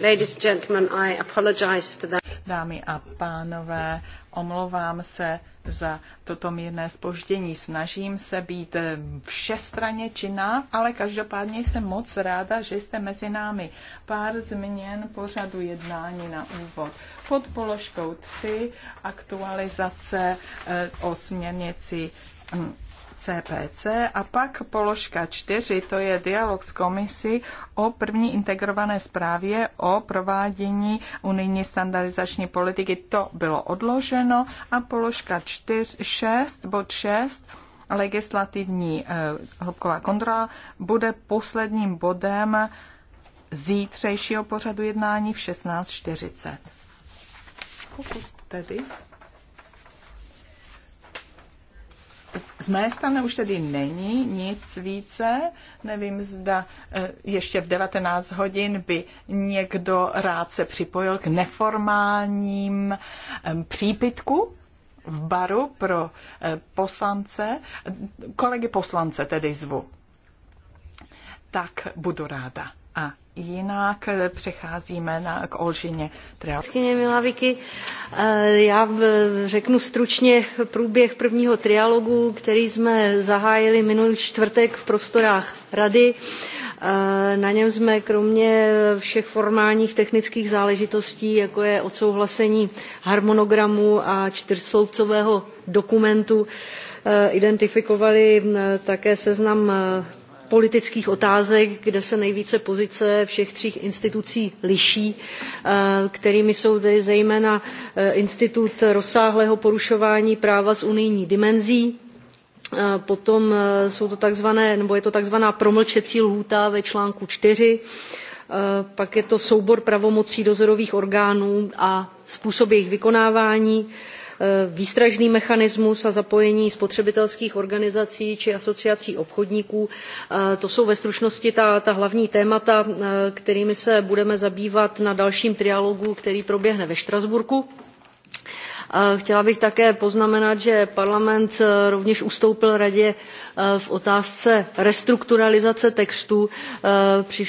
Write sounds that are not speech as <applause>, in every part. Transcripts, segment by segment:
Ladies and gentlemen, I apologize for that. Dámy a pánové, omlouvám se za toto mírné spoždění. Snažím se být eh, všestranně činná, ale každopádně jsem moc ráda, že jste mezi námi. Pár změn pořadu jednání na úvod. Pod položkou 3 aktualizace eh, o směrnici hm, CPC a pak položka 4, to je dialog s komisí o první integrované zprávě o provádění unijní standardizační politiky. To bylo odloženo a položka 4, 6, bod 6, legislativní eh, hloubková kontrola bude posledním bodem zítřejšího pořadu jednání v 16.40. Pokud tedy z mé strany už tedy není nic více. Nevím, zda eh, ještě v 19 hodin by někdo rád se připojil k neformálním eh, přípitku v baru pro eh, poslance, kolegy poslance tedy zvu. Tak budu ráda. A jinak eh, přecházíme na, k Olžině. Kyně Milaviky, eh, já eh, řeknu stručně průběh prvního trialogu, který jsme zahájili minulý čtvrtek v prostorách rady. Na něm jsme kromě všech formálních technických záležitostí, jako je odsouhlasení harmonogramu a čtyřsloupcového dokumentu, identifikovali také seznam politických otázek, kde se nejvíce pozice všech tří institucí liší, eh, kterými jsou tedy zejména eh, institut rozsáhlého porušování práva s unijní dimenzí, eh, potom jsou to takzvané, nebo je to takzvaná promlčecí lhůta ve článku 4, pak je to soubor pravomocí dozorových orgánů a způsob jejich vykonávání, Eh, výstražný mechanismus a zapojení spotřebitelských organizací či asociací obchodníků. Eh, to jsou ve stručnosti ta, ta hlavní témata, eh, kterými se budeme zabývat na dalším trialogu, který proběhne ve Štrasburku Eh, chtěla bych také poznamenat, že parlament eh, rovněž ustoupil radě eh, v otázce restrukturalizace textu. Při,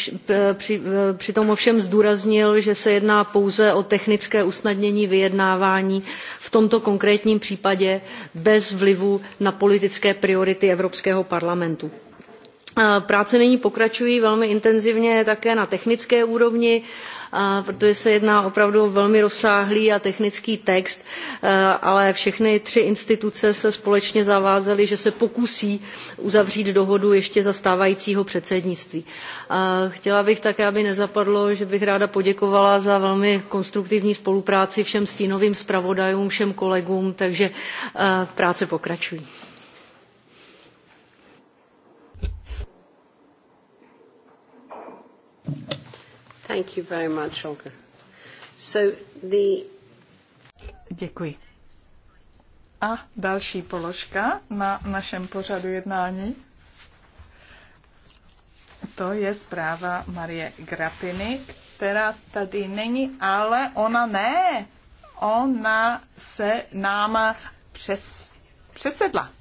při, přitom ovšem zdůraznil, že se jedná pouze o technické usnadnění vyjednávání v tomto konkrétním případě bez vlivu na politické priority Evropského parlamentu. Práce nyní pokračují velmi intenzivně také na technické úrovni protože se jedná opravdu o velmi rozsáhlý a technický text, eh, ale všechny tři instituce se společně zavázaly, že se pokusí uzavřít dohodu ještě za stávajícího předsednictví. Chtěla bych také, aby nezapadlo, že bych ráda poděkovala za velmi konstruktivní spolupráci všem stínovým zpravodajům, všem kolegům, takže eh, práce pokračují. Thank you very much, Olga. So the... Děkuji. A další položka na našem pořadu jednání. To je zpráva Marie Grapiny, která tady není, ale ona ne. Ona se nám přes, přesedla.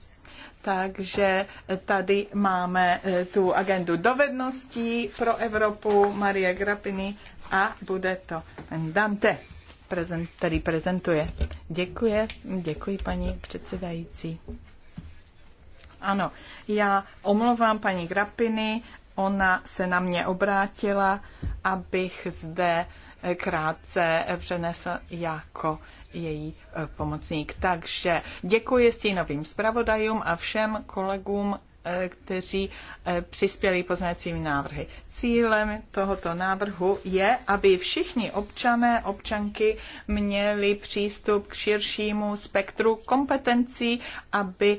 Takže tady máme eh, tu agendu dovedností pro Evropu Marie Grapiny a bude to Dante, prezent, který prezentuje. Děkuji, děkuji paní předsedající. Ano, já omlouvám paní Grapiny, ona se na mě obrátila, abych zde eh, krátce eh, přenesl jako její eh, pomocník. Takže děkuji stínovým zpravodajům a všem kolegům, eh, kteří eh, přispěli poznacími návrhy. Cílem tohoto návrhu je, aby všichni občané, občanky měli přístup k širšímu spektru kompetencí, aby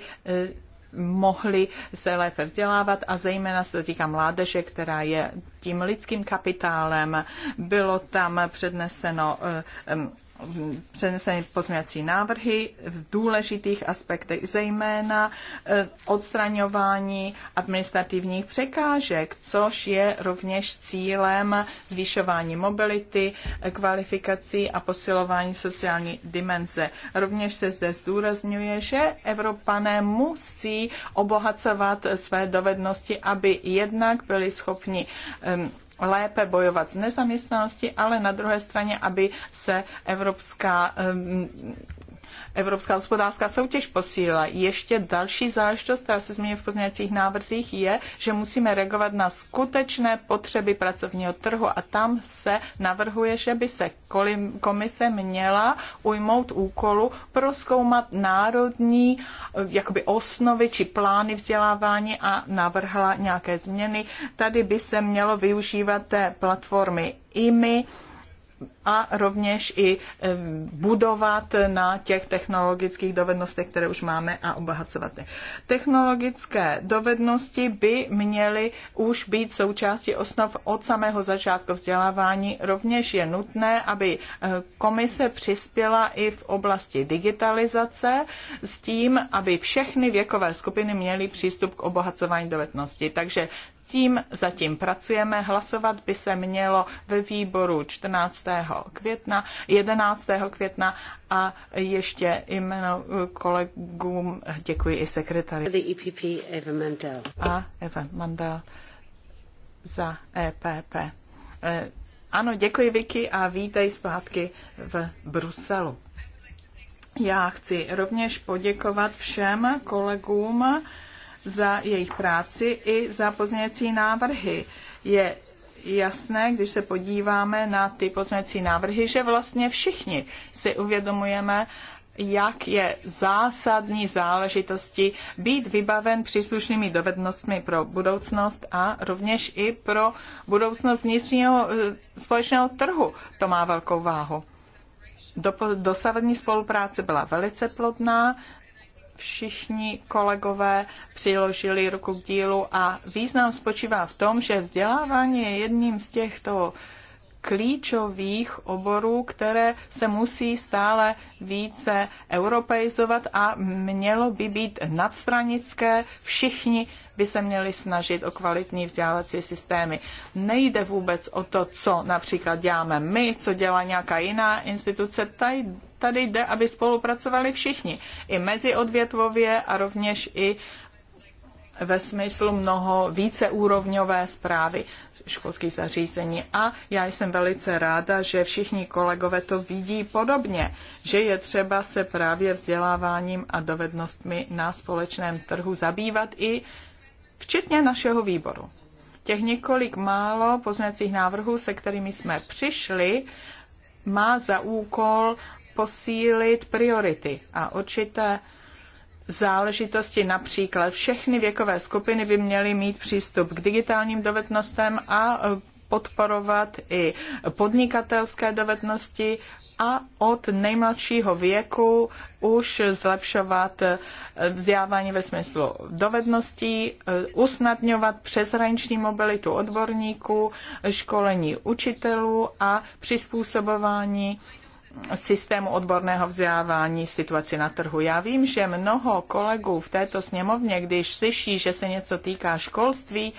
mohli se lépe vzdělávat a zejména se to týká mládeže, která je tím lidským kapitálem. Bylo tam předneseno přeneseny pozměňovací návrhy v důležitých aspektech, zejména e, odstraňování administrativních překážek, což je rovněž cílem zvyšování mobility, kvalifikací a posilování sociální dimenze. Rovněž se zde zdůrazňuje, že Evropané musí obohacovat své dovednosti, aby jednak byli schopni lépe bojovat s nezaměstnaností, ale na druhé straně, aby se evropská Evropská hospodářská soutěž posílila. Ještě další záležitost, která se změní v pozměňovacích návrzích, je, že musíme reagovat na skutečné potřeby pracovního trhu a tam se navrhuje, že by se komise měla ujmout úkolu proskoumat národní eh, jakoby osnovy či plány vzdělávání a navrhla nějaké změny. Tady by se mělo využívat té platformy IMI, a rovněž i eh, budovat na těch technologických dovednostech, které už máme a obohacovat je. Technologické dovednosti by měly už být součástí osnov od samého začátku vzdělávání. Rovněž je nutné, aby eh, komise přispěla i v oblasti digitalizace s tím, aby všechny věkové skupiny měly přístup k obohacování dovedností. Takže tím zatím pracujeme. Hlasovat by se mělo ve výboru 14. května, 11. května a ještě jméno kolegům děkuji i sekretari. E a Eva Mandel za EPP. E, ano, děkuji Vicky a vítej zpátky v Bruselu. Já chci rovněž poděkovat všem kolegům, za jejich práci i za pozměňovací návrhy. Je jasné, když se podíváme na ty pozměňovací návrhy, že vlastně všichni si uvědomujeme, jak je zásadní záležitosti být vybaven příslušnými dovednostmi pro budoucnost a rovněž i pro budoucnost vnitřního eh, společného trhu. To má velkou váhu. Dosavadní spolupráce byla velice plodná, všichni kolegové přiložili ruku k dílu a význam spočívá v tom, že vzdělávání je jedním z těchto klíčových oborů, které se musí stále více europeizovat a mělo by být nadstranické. Všichni by se měli snažit o kvalitní vzdělávací systémy. Nejde vůbec o to, co například děláme my, co dělá nějaká jiná instituce. Tady, tady jde, aby spolupracovali všichni. I mezi odvětvově a rovněž i ve smyslu mnoho víceúrovňové zprávy školských zařízení. A já jsem velice ráda, že všichni kolegové to vidí podobně, že je třeba se právě vzděláváním a dovednostmi na společném trhu zabývat i včetně našeho výboru. Těch několik málo poznacích návrhů, se kterými jsme přišli, má za úkol posílit priority a určité záležitosti, například všechny věkové skupiny by měly mít přístup k digitálním dovednostem a podporovat i podnikatelské dovednosti, a od nejmladšího věku už zlepšovat eh, vzdělávání ve smyslu dovedností, eh, usnadňovat přeshraniční mobilitu odborníků, školení učitelů a přizpůsobování systému odborného vzdělávání situaci na trhu. Já vím, že mnoho kolegů v této sněmovně, když slyší, že se něco týká školství,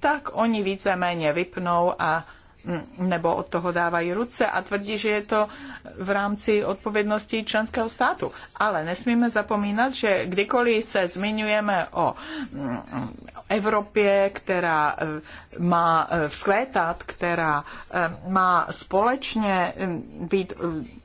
tak oni víceméně vypnou a Mm, nebo od toho dávají ruce a tvrdí, že je to v rámci odpovědnosti členského státu. Ale nesmíme zapomínat, že kdykoliv se zmiňujeme o mm, Evropě, která eh, má eh, vzkvétat, která eh, má společně být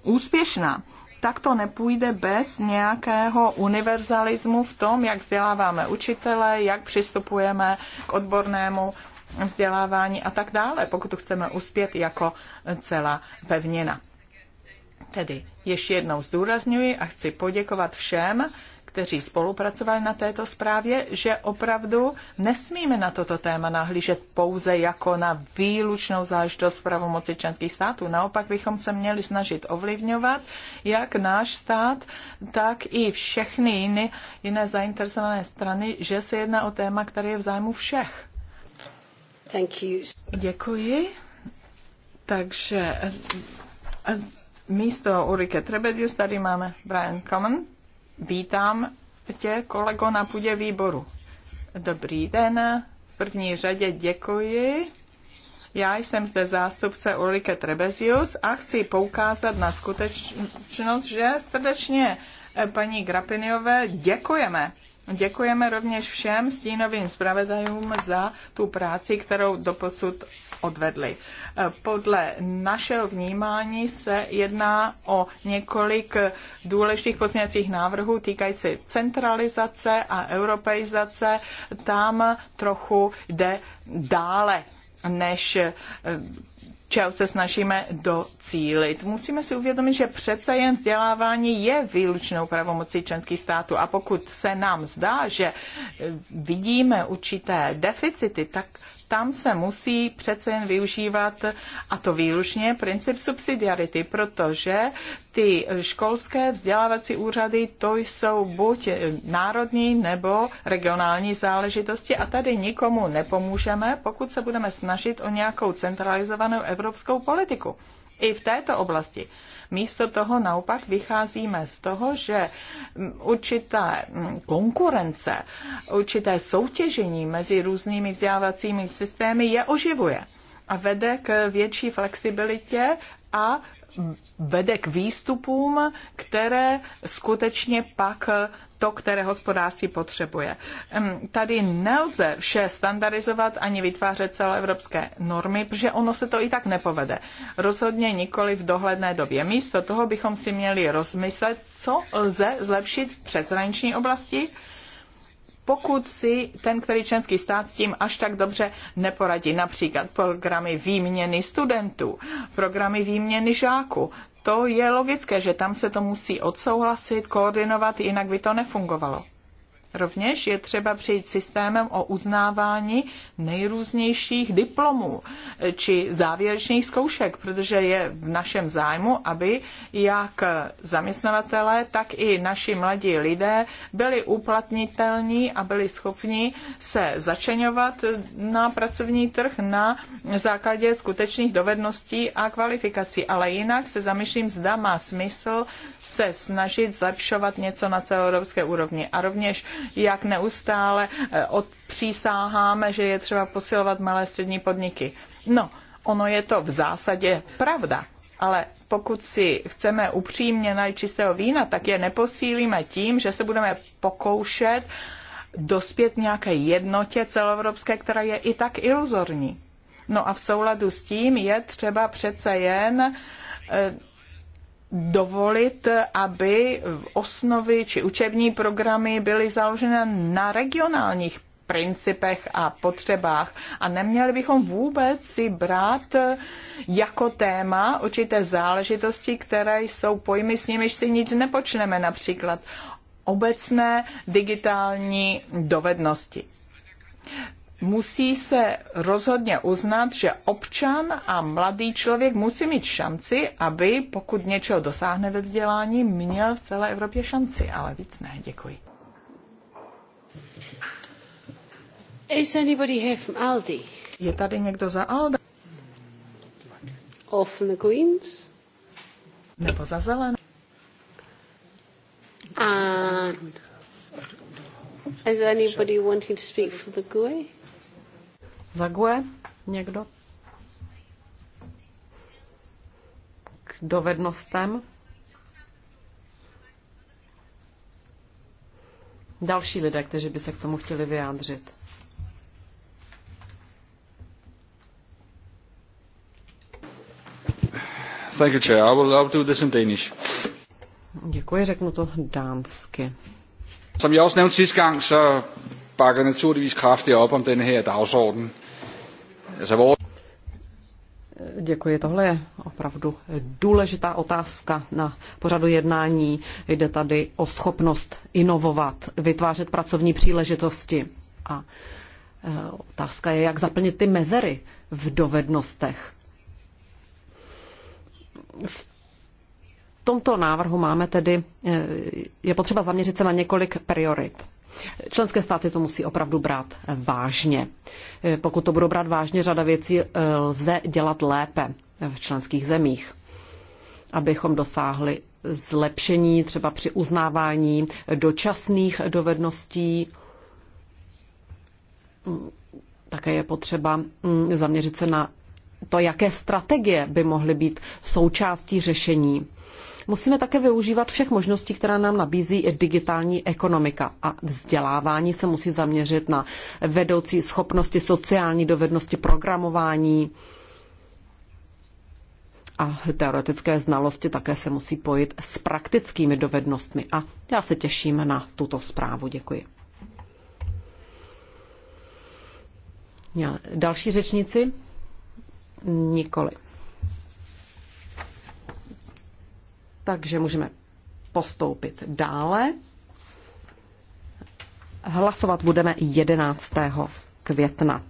úspěšná, tak to nepůjde bez nějakého univerzalismu v tom, jak vzděláváme učitele, jak přistupujeme k odbornému vzdělávání a tak dále, pokud chceme uspět jako celá pevněna. Tedy ještě jednou zdůrazňuji a chci poděkovat všem, kteří spolupracovali na této zprávě, že opravdu nesmíme na toto téma nahlížet pouze jako na výlučnou záležitost v pravomoci členských států. Naopak bychom se měli snažit ovlivňovat jak náš stát, tak i všechny jiné, jiné zainteresované strany, že se jedná o téma, které je v zájmu všech. Thank you. Děkuji. Takže eh, eh, místo Ulrike Trebedius tady máme Brian Common. Vítám tě, kolego, na půdě výboru. Dobrý den. V první řadě děkuji. Já jsem zde zástupce Ulrike Trebezius a chci poukázat na skutečnost, že srdečně eh, paní Grapiniové děkujeme Děkujeme rovněž všem stínovým zpravedajům za tu práci, kterou doposud odvedli. Eh, podle našeho vnímání se jedná o několik důležitých pozměňovacích návrhů týkající centralizace a europeizace. Tam trochu jde dále než eh, čeho se snažíme docílit. Musíme si uvědomit, že přece jen vzdělávání je výlučnou pravomocí členských států a pokud se nám zdá, že vidíme určité deficity, tak tam se musí přece jen využívat, a to výlučně, princip subsidiarity, protože ty školské vzdělávací úřady, to jsou buď národní nebo regionální záležitosti a tady nikomu nepomůžeme, pokud se budeme snažit o nějakou centralizovanou evropskou politiku. I v této oblasti. Místo toho naopak vycházíme z toho, že určitá konkurence, určité soutěžení mezi různými vzdělávacími systémy je oživuje a vede k větší flexibilitě a vede k výstupům, které skutečně pak to, které hospodářství potřebuje. Tady nelze vše standardizovat ani vytvářet celoevropské normy, protože ono se to i tak nepovede. Rozhodně nikoli v dohledné době. Místo toho bychom si měli rozmyslet, co lze zlepšit v přeshraniční oblasti, pokud si ten, který členský stát s tím až tak dobře neporadí. Například programy výměny studentů, programy výměny žáků to je logické, že tam se to musí odsouhlasit, koordinovat, jinak by to nefungovalo. Rovněž je třeba přijít systémem o uznávání nejrůznějších diplomů či závěrečných zkoušek, protože je v našem zájmu, aby jak zaměstnavatele, tak i naši mladí lidé byli uplatnitelní a byli schopni se začeňovat na pracovní trh na základě skutečných dovedností a kvalifikací. Ale jinak se zamýšlím, zda má smysl se snažit zlepšovat něco na celoevropské úrovni. A rovněž jak neustále eh, odpřísáháme, že je třeba posilovat malé střední podniky. No, ono je to v zásadě pravda, ale pokud si chceme upřímně najít čistého vína, tak je neposílíme tím, že se budeme pokoušet dospět nějaké jednotě celoevropské, která je i tak iluzorní. No a v souladu s tím je třeba přece jen eh, dovolit, aby osnovy či učební programy byly založeny na regionálních principech a potřebách. A neměli bychom vůbec si brát jako téma určité záležitosti, které jsou pojmy, s nimiž si nic nepočneme, například obecné digitální dovednosti musí se rozhodně uznat, že občan a mladý člověk musí mít šanci, aby pokud něčeho dosáhne ve vzdělání, měl v celé Evropě šanci, ale víc ne. Děkuji. Is anybody here from Aldi? Je tady někdo za Aldi? Or from the Greens? Nebo za Zelené? And uh, is anybody wanting to speak for the GUE? Zague? Někdo? K dovednostem? Další lidé, kteří by se k tomu chtěli vyjádřit. Thank you, Chair. I will, I will do this in Danish. Děkuji, řeknu to dánsky. Som jeg også nævnte sidste gang, så bakker naturligvis kraftigt op om denne her dagsorden. Děkuji, tohle je opravdu důležitá otázka na pořadu jednání. Jde tady o schopnost inovovat, vytvářet pracovní příležitosti. A eh, otázka je, jak zaplnit ty mezery v dovednostech. V tomto návrhu máme tedy, eh, je potřeba zaměřit se na několik priorit. Členské státy to musí opravdu brát vážně. Eh, Pokud to budou brát vážně, řada věcí eh, lze dělat lépe v členských zemích, abychom dosáhli zlepšení třeba při uznávání dočasných dovedností. Také je potřeba mm, zaměřit se na to, jaké strategie by mohly být součástí řešení musíme také využívat všech možností, která nám nabízí digitální ekonomika. A vzdělávání se musí zaměřit na vedoucí schopnosti, sociální dovednosti, programování a teoretické znalosti také se musí pojit s praktickými dovednostmi. A já se těším na tuto zprávu. Děkuji. Další řečníci? Nikoli. takže můžeme postoupit dále. Hlasovat budeme 11. května.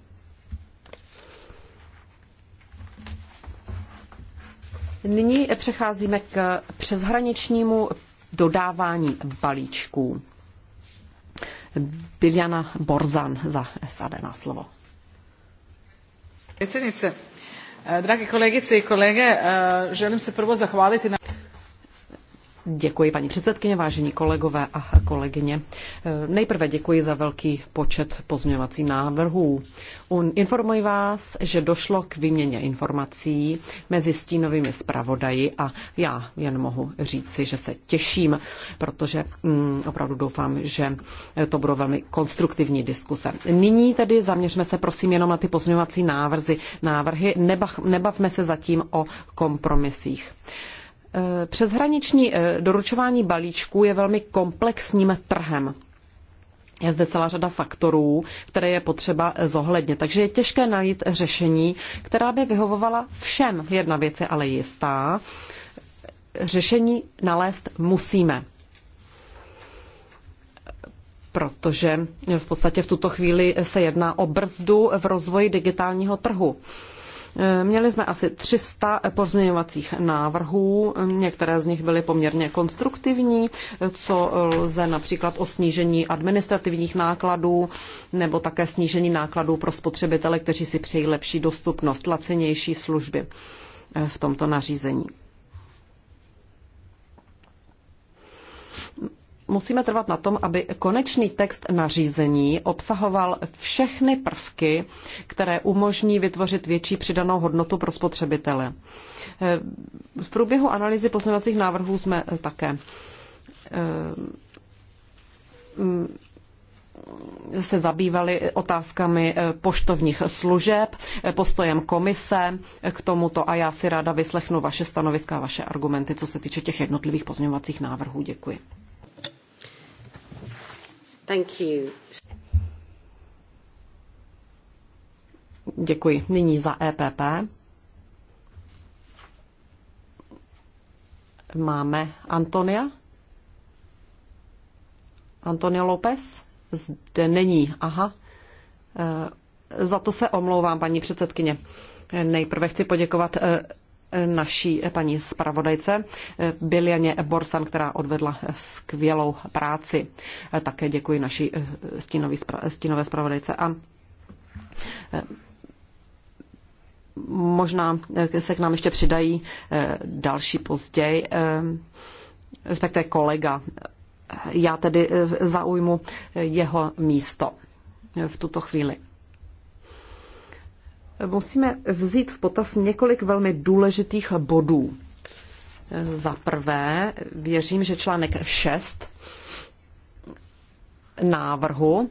Nyní přecházíme k přeshraničnímu dodávání balíčků. Biljana Borzan za SAD na slovo. Predsjednice, dragi kolegice i kolege, želim se prvo zahvaliti na... Děkuji paní předsedkyně, vážení kolegové a kolegyně. Nejprve děkuji za velký počet pozměňovacích návrhů. Informuji vás, že došlo k výměně informací mezi stínovými zpravodaji a já jen mohu říci, že se těším, protože mm, opravdu doufám, že to budou velmi konstruktivní diskuse. Nyní tedy zaměřme se prosím jenom na ty pozměňovací návrzy, návrhy. Nebav, nebavme se zatím o kompromisích. Eh, přeshraniční eh, doručování balíčků je velmi komplexním trhem. Je zde celá řada faktorů, které je potřeba eh, zohlednit. Takže je těžké najít řešení, která by vyhovovala všem. Jedna věc je ale jistá. Řešení nalézt musíme. Protože v podstatě v tuto chvíli se jedná o brzdu v rozvoji digitálního trhu. Měli jsme asi 300 pozměňovacích návrhů, některé z nich byly poměrně konstruktivní, co lze například o snížení administrativních nákladů nebo také snížení nákladů pro spotřebitele, kteří si přejí lepší dostupnost, lacenější služby v tomto nařízení musíme trvat na tom, aby konečný text nařízení obsahoval všechny prvky, které umožní vytvořit větší přidanou hodnotu pro spotřebitele. V průběhu analýzy pozměňovacích návrhů jsme eh, také eh, se zabývali otázkami eh, poštovních služeb, postojem komise k tomuto a já si ráda vyslechnu vaše stanoviska a vaše argumenty, co se týče těch jednotlivých pozměňovacích návrhů. Děkuji. Thank you. Děkuji. Nyní za EPP. Máme Antonia. Antonia López? Zde není. Aha. E, za to se omlouvám, paní předsedkyně. Nejprve chci poděkovat e, naší paní zpravodajce eh, Biljaně Borsan, která odvedla skvělou práci. Eh, také děkuji naší eh, stínové zpravodajce a možná se k nám ještě přidají další později, respektive kolega. Já tedy zaujmu jeho místo v tuto chvíli musíme vzít v potaz několik velmi důležitých bodů. Za prvé, věřím, že článek 6 návrhu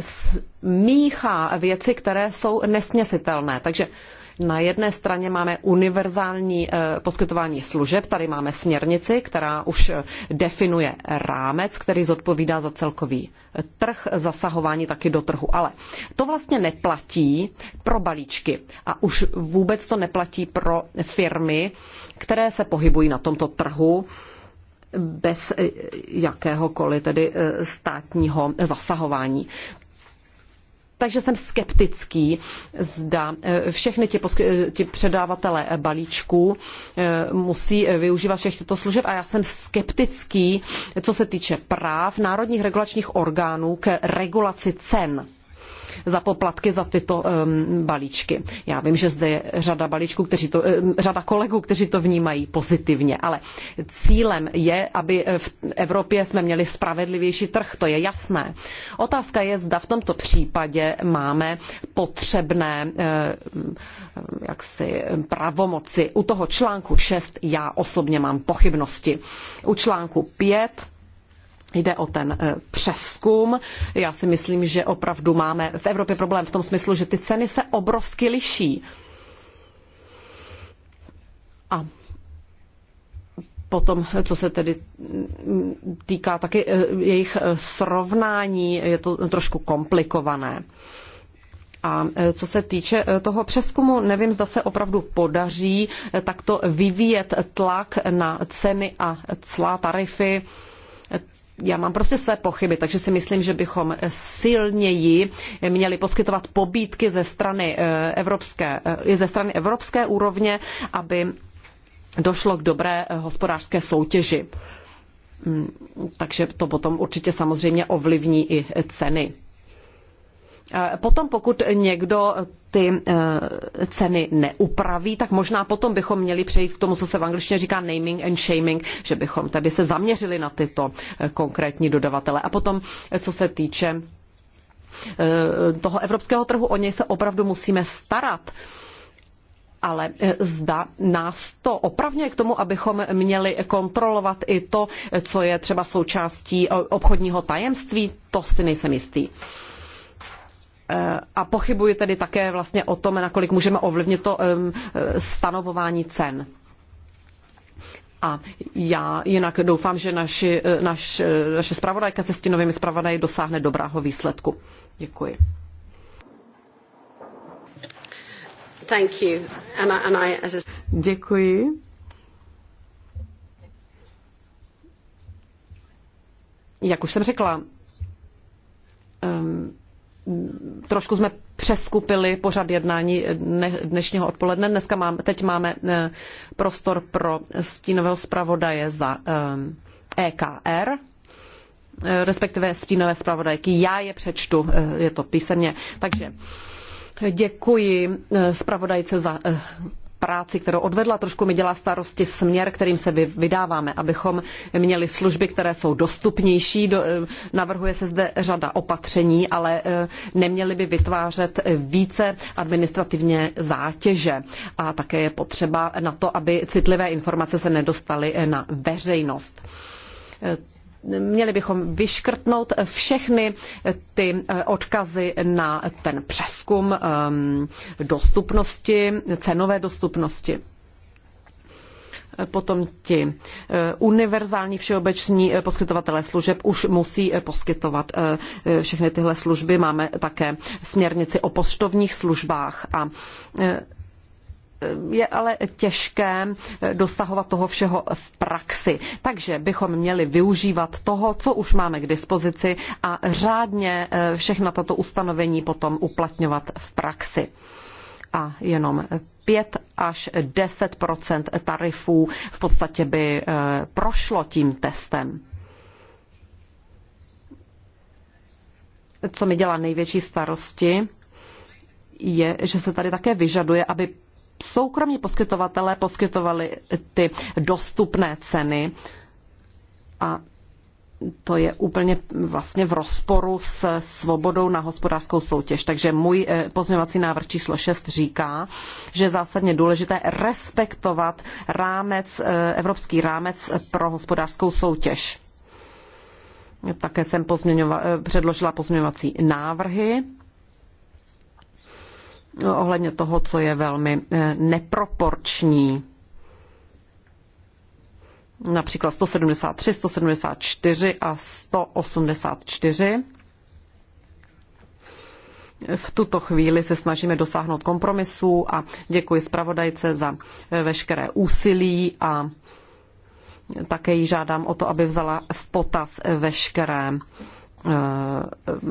smíchá věci, které jsou nesměsitelné. Takže na jedné straně máme univerzální eh, poskytování služeb, tady máme směrnici, která už eh, definuje rámec, který zodpovídá za celkový eh, trh, zasahování taky do trhu. Ale to vlastně neplatí pro balíčky a už vůbec to neplatí pro firmy, které se pohybují na tomto trhu bez jakéhokoliv tedy státního zasahování. Takže jsem skeptický, zda eh, všechny ti, posky, eh, ti předávatele eh, balíčků musí využívat všech těchto služeb a já jsem skeptický, co se týče práv národních regulačních orgánů k regulaci cen za poplatky za tyto um, balíčky. Já vím, že zde je řada balíčků, kteří to, um, řada kolegů, kteří to vnímají pozitivně, ale cílem je, aby v Evropě jsme měli spravedlivější trh, to je jasné. Otázka je, zda v tomto případě máme potřebné um, jaksi pravomoci. U toho článku 6 já osobně mám pochybnosti. U článku 5 Jde o ten eh, přeskum. Já si myslím, že opravdu máme v Evropě problém v tom smyslu, že ty ceny se obrovsky liší. A potom, co se tedy týká taky eh, jejich eh, srovnání, je to trošku komplikované. A co se týče toho přeskumu, nevím, zda se opravdu podaří takto vyvíjet tlak na ceny a clá tarify já mám prostě své pochyby, takže si myslím, že bychom silněji měli poskytovat pobídky ze strany eh, evropské, eh, ze strany evropské úrovně, aby došlo k dobré eh, hospodářské soutěži. Mm, takže to potom určitě samozřejmě ovlivní i ceny. Potom, pokud někdo ty e, ceny neupraví, tak možná potom bychom měli přejít k tomu, co se v angličtině říká naming and shaming, že bychom tady se zaměřili na tyto e, konkrétní dodavatele. A potom, e, co se týče toho evropského trhu, o něj se opravdu musíme starat ale zda nás to opravňuje k tomu, abychom měli kontrolovat i to, co je třeba součástí obchodního tajemství, to si nejsem jistý. Eh, a pochybuji tedy také vlastně o tom, nakolik můžeme ovlivnit to eh, stanovování cen. A já jinak doufám, že naši, eh, naš, naše zpravodajka se stínovými zpravodaji dosáhne dobrého výsledku. Děkuji. Thank you. And I, and I, as a... Děkuji. Jak už jsem řekla, um, trošku jsme přeskupili pořad jednání dnešního odpoledne. Dneska teď máme eh, prostor pro stínového zpravodaje za EKR, eh, e eh, respektive stínové zpravodajky. Já je přečtu, je to písemně. Takže děkuji zpravodajce za práci, kterou odvedla, trošku mi dělá starosti směr, kterým se vydáváme, abychom měli služby, které jsou dostupnější. Eh, navrhuje se zde řada opatření, ale eh, neměli by vytvářet více administrativně zátěže. A také je potřeba na to, aby citlivé informace se nedostaly eh, na veřejnost měli bychom vyškrtnout všechny ty eh, odkazy na ten přeskum ehm, dostupnosti, cenové dostupnosti eh, potom ti eh, univerzální všeobecní poskytovatelé služeb už musí poskytovat všechny tyhle služby. Máme také směrnici o poštovních službách a je ale těžké eh, dosahovat toho všeho v praxi. Takže bychom měli využívat toho, co už máme k dispozici a řádně eh, všechna tato ustanovení potom uplatňovat v praxi a jenom 5 až 10 tarifů v podstatě by eh, prošlo tím testem. Co mi dělá největší starosti, je, že se tady také vyžaduje, aby soukromí poskytovatelé poskytovali ty dostupné ceny a to je úplně vlastně v rozporu s svobodou na hospodářskou soutěž. Takže můj eh, pozměňovací návrh číslo 6 říká, že je zásadně důležité respektovat rámec, eh, evropský rámec pro hospodářskou soutěž. Také jsem pozměňova, eh, předložila pozměňovací návrhy ohledně toho, co je velmi eh, neproporční. Například 173, 174 a 184. V tuto chvíli se snažíme dosáhnout kompromisů a děkuji zpravodajce za eh, veškeré úsilí a také ji žádám o to, aby vzala v potaz eh, veškeré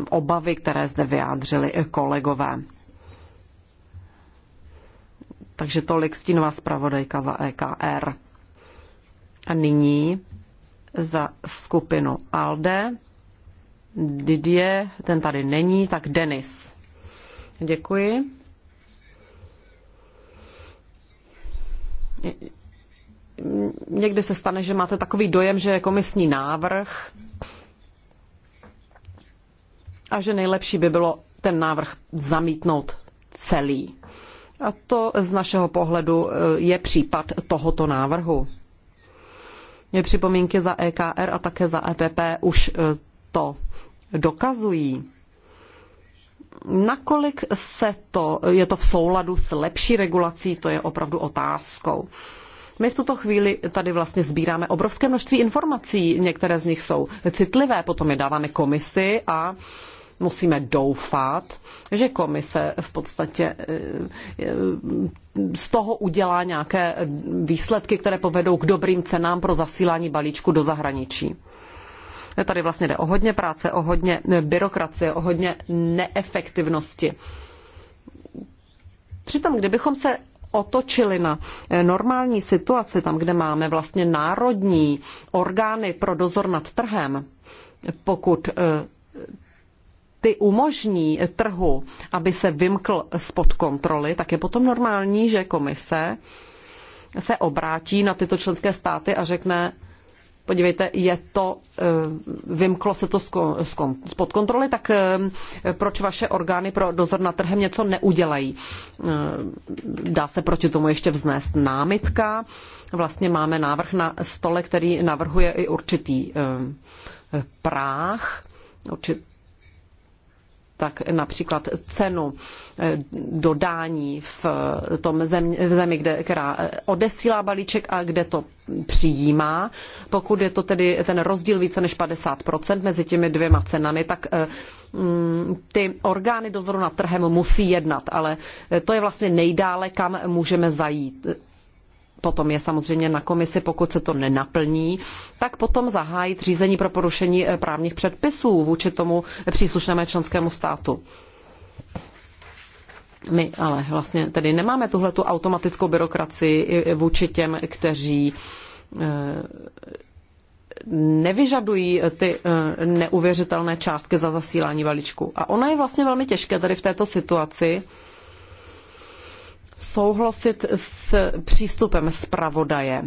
obavy, které zde vyjádřili kolegové. Takže tolik stínová zpravodajka za EKR. A nyní za skupinu ALDE. Didier, ten tady není, tak Denis. Děkuji. Někdy se stane, že máte takový dojem, že je komisní návrh a že nejlepší by bylo ten návrh zamítnout celý. A to z našeho pohledu e, je případ tohoto návrhu. Mě připomínky za EKR a také za EPP už e, to dokazují. Nakolik se to, je to v souladu s lepší regulací, to je opravdu otázkou. My v tuto chvíli tady vlastně sbíráme obrovské množství informací, některé z nich jsou citlivé, potom je dáváme komisi a musíme doufat, že komise v podstatě eh, eh, z toho udělá nějaké výsledky, které povedou k dobrým cenám pro zasílání balíčku do zahraničí. Tady vlastně jde o hodně práce, o hodně byrokracie, o hodně neefektivnosti. Přitom, kdybychom se otočili na eh, normální situaci, tam, kde máme vlastně národní orgány pro dozor nad trhem, pokud ty umožní trhu, aby se vymkl spod kontroly, tak je potom normální, že komise se obrátí na tyto členské státy a řekne, podívejte, je to, eh, vymklo se to spod kontroly, tak eh, proč vaše orgány pro dozor nad trhem něco neudělají? Eh, dá se proti tomu ještě vznést námitka. Vlastně máme návrh na stole, který navrhuje i určitý práh, určitý tak například cenu eh, dodání v eh, tom zemi, v zemi kde, která eh, odesílá balíček a kde to přijímá. Pokud je to tedy ten rozdíl více než 50% mezi těmi dvěma cenami, tak mm, ty orgány dozoru nad trhem musí jednat, ale to je vlastně nejdále, kam můžeme zajít potom je samozřejmě na komisi, pokud se to nenaplní, tak potom zahájit řízení pro porušení eh, právních předpisů vůči tomu příslušnému členskému státu. My ale vlastně tedy nemáme tuhle tu automatickou byrokracii vůči těm, kteří eh, nevyžadují ty eh, neuvěřitelné částky za zasílání valičku. A ona je vlastně velmi těžké tady v této situaci souhlasit s přístupem zpravodaje.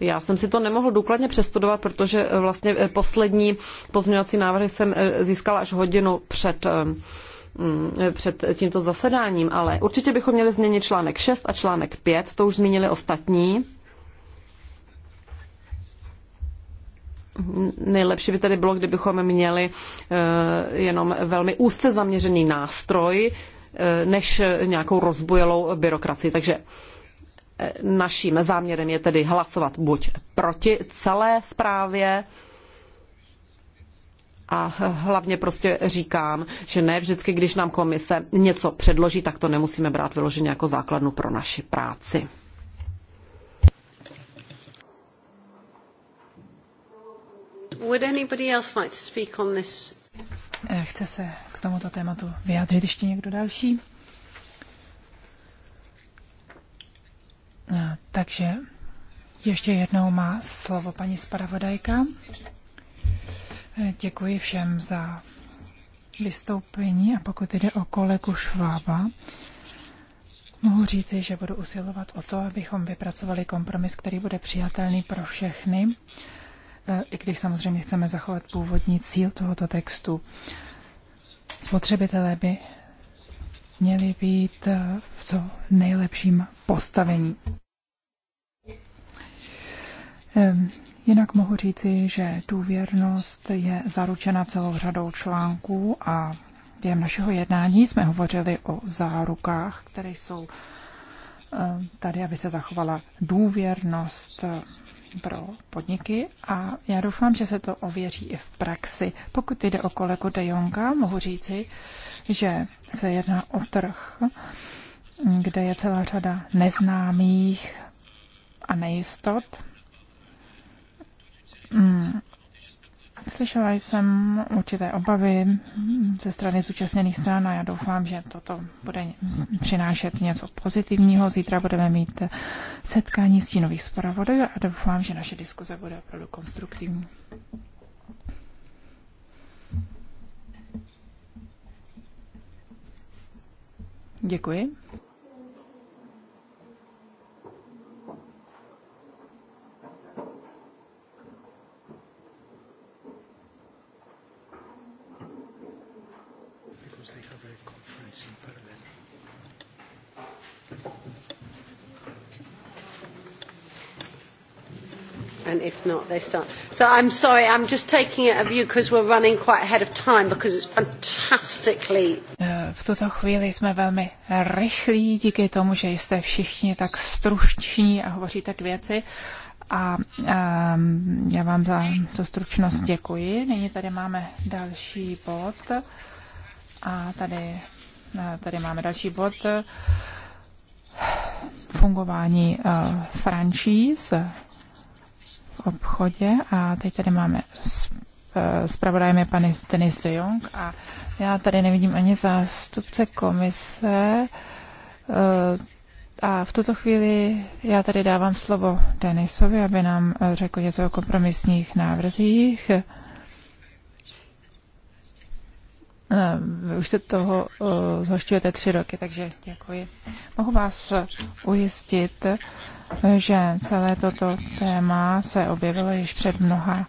Já jsem si to nemohl důkladně přestudovat, protože vlastně poslední pozměňovací návrhy jsem eh, získala až hodinu před eh, mm, před tímto zasedáním, ale určitě bychom měli změnit článek 6 a článek 5, to už zmínili ostatní. Nejlepší by tedy bylo, kdybychom měli eh, jenom velmi úzce zaměřený nástroj, eh, než nějakou rozbujelou byrokracii. Takže eh, naším záměrem je tedy hlasovat buď proti celé zprávě, a hlavně prostě říkám, že ne vždycky, když nám komise něco předloží, tak to nemusíme brát vyloženě jako základnu pro naši práci. Would anybody else like to speak on this? Eh, chce se k tomuto tématu vyjádřit ještě někdo další? Eh, takže ještě jednou má slovo paní Sparavodajka. Eh, děkuji všem za vystoupení a pokud jde o kolegu Švába, mohu říci, že budu usilovat o to, abychom vypracovali kompromis, který bude přijatelný pro všechny E, i když samozřejmě chceme zachovat původní cíl tohoto textu. Spotřebitelé by měli být e, v co nejlepším postavení. E, jinak mohu říci, že důvěrnost je zaručena celou řadou článků a během našeho jednání jsme hovořili o zárukách, které jsou tady, aby se zachovala důvěrnost pro podniky a já doufám, že se to ověří i v praxi. Pokud jde o kolegu De Jonga, mohu říci, že se jedná o trh, kde je celá řada neznámých a nejistot. Slyšela jsem určité obavy ze strany zúčastněných stran a já doufám, že toto bude přinášet něco pozitivního. Zítra budeme mít setkání s stínových zpravodajů a doufám, že naše diskuze bude opravdu konstruktivní. Děkuji. if not, they start. So I'm sorry, I'm just taking it of you because we're running quite ahead of time because it's fantastically... Eh, v tuto chvíli jsme velmi rychlí díky tomu, že jste všichni tak struční a hovoříte k věci. A um, já vám za tu stručnost děkuji. Nyní tady máme další bod. A tady, eh, tady máme další bod fungování uh, franšíz obchodě a teď tady máme eh, zpravodajem je pan Denis de Jong a já tady nevidím ani zástupce komise eh, a v tuto chvíli já tady dávám slovo Denisovi, aby nám eh, řekl něco o kompromisních návrzích. Vy už se toho zhošťujete tři roky, takže děkuji. Mohu vás ujistit, že celé toto téma se objevilo již před mnoha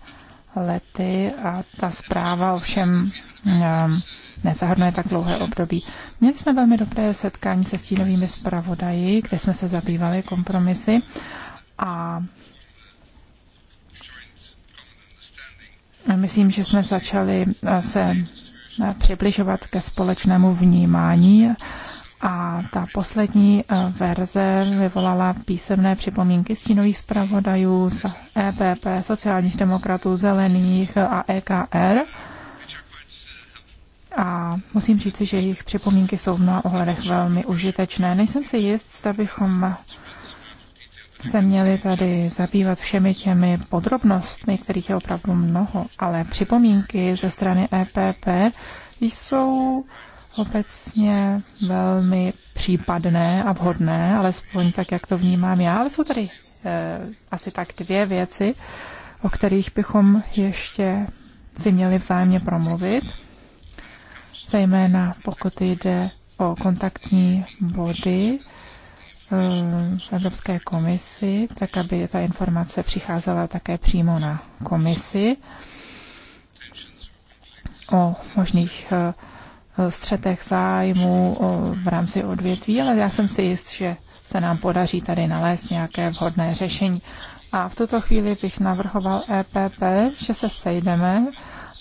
lety a ta zpráva ovšem um, nezahrnuje tak dlouhé období. Měli jsme velmi dobré setkání se stínovými zpravodaji, kde jsme se zabývali kompromisy a myslím, že jsme začali se přibližovat ke společnému vnímání a ta poslední eh, verze vyvolala písemné připomínky stínových zpravodajů z EPP, sociálních demokratů, zelených a EKR. A musím říci, že jejich připomínky jsou v mnoha ohledech velmi užitečné. Nejsem si jist, zda bychom se měli tady zabývat všemi těmi podrobnostmi, kterých je opravdu mnoho, ale připomínky ze strany EPP jsou obecně velmi případné a vhodné, alespoň tak, jak to vnímám já. Ale jsou tady eh, asi tak dvě věci, o kterých bychom ještě si měli vzájemně promluvit, zejména pokud jde o kontaktní body eh, v Evropské komisi, tak aby ta informace přicházela také přímo na komisi o možných eh, Eh, střetech zájmů v rámci odvětví, ale já jsem si jist, že se nám podaří tady nalézt nějaké vhodné řešení. A v tuto chvíli bych navrhoval EPP, že se sejdeme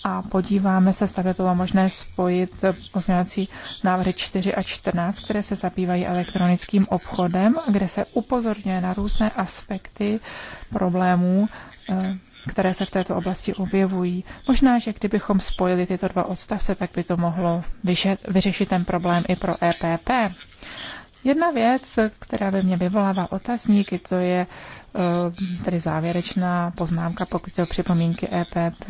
a podíváme se, zda by bylo možné spojit pozměňovací návrhy 4 a 14, které se zabývají elektronickým obchodem, kde se upozorňuje na různé aspekty problémů eh, které se v této oblasti objevují. Možná, že kdybychom spojili tyto dva odstavce, tak by to mohlo vyřešit ten problém i pro EPP. Jedna věc, která by mě vyvolává otazníky, to je eh, tedy závěrečná poznámka, pokud je o připomínky EPP.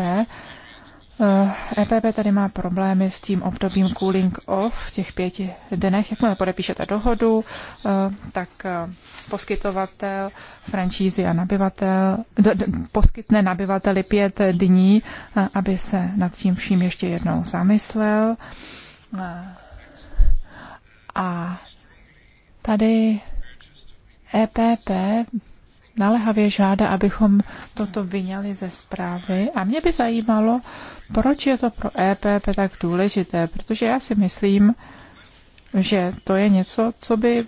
EPP eh, e tady má problémy s tím obdobím cooling off v těch pěti dnech. Jakmile podepíšete dohodu, eh, tak eh, poskytovatel franšízy a nabyvatel poskytne nabyvateli pět dní, aby se nad tím vším ještě jednou zamyslel. A tady EPP naléhavě žádá, abychom toto vyňali ze zprávy. A mě by zajímalo, proč je to pro EPP tak důležité, protože já si myslím, že to je něco, co by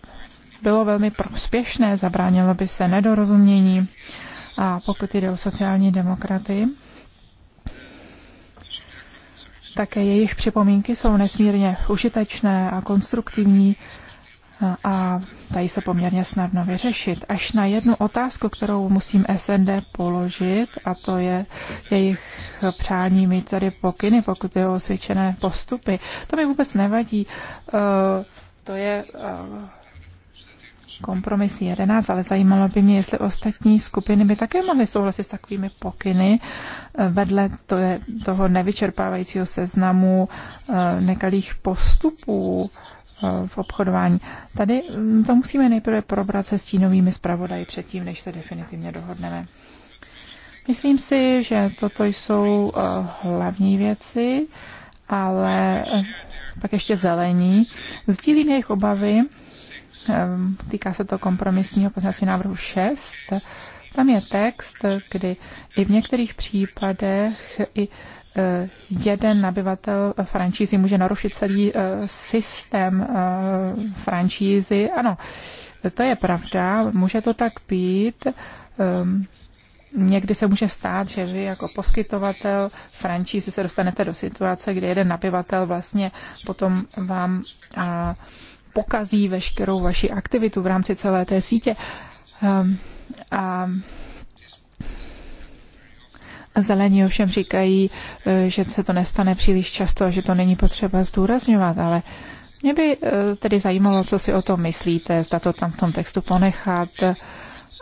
bylo velmi prospěšné, zabránilo by se nedorozumění. A pokud jde o sociální demokraty, také jejich připomínky jsou nesmírně užitečné a konstruktivní a tady se poměrně snadno vyřešit. Až na jednu otázku, kterou musím SND položit, a to je jejich přání mít tady pokyny, pokud je osvědčené postupy. To mi vůbec nevadí. Eh, to je eh, kompromis 11, ale zajímalo by mě, jestli ostatní skupiny by také mohly souhlasit s takovými pokyny eh, vedle to je, toho nevyčerpávajícího seznamu nekalých postupů Eh, v obchodování. Tady mm, to musíme nejprve probrat se stínovými zpravodaji předtím, než se definitivně dohodneme. Myslím si, že toto jsou eh, hlavní věci, ale eh, pak ještě zelení. Sdílím jejich obavy, týká se to kompromisního poznacího návrhu 6. Tam je text, kdy i v některých případech i Eh, jeden nabyvatel eh, francízy může narušit celý eh, systém francízy. Ano, to je pravda, může to tak být. Ehm, někdy se může stát, že vy jako poskytovatel francízy se dostanete do situace, kdy jeden nabyvatel vlastně potom vám pokazí veškerou vaši aktivitu v rámci celé té sítě. Ehm, a Zelení ovšem říkají, eh, že se to nestane příliš často a že to není potřeba zdůrazňovat, ale mě by eh, tedy zajímalo, co si o tom myslíte, zda to tam v tom textu ponechat,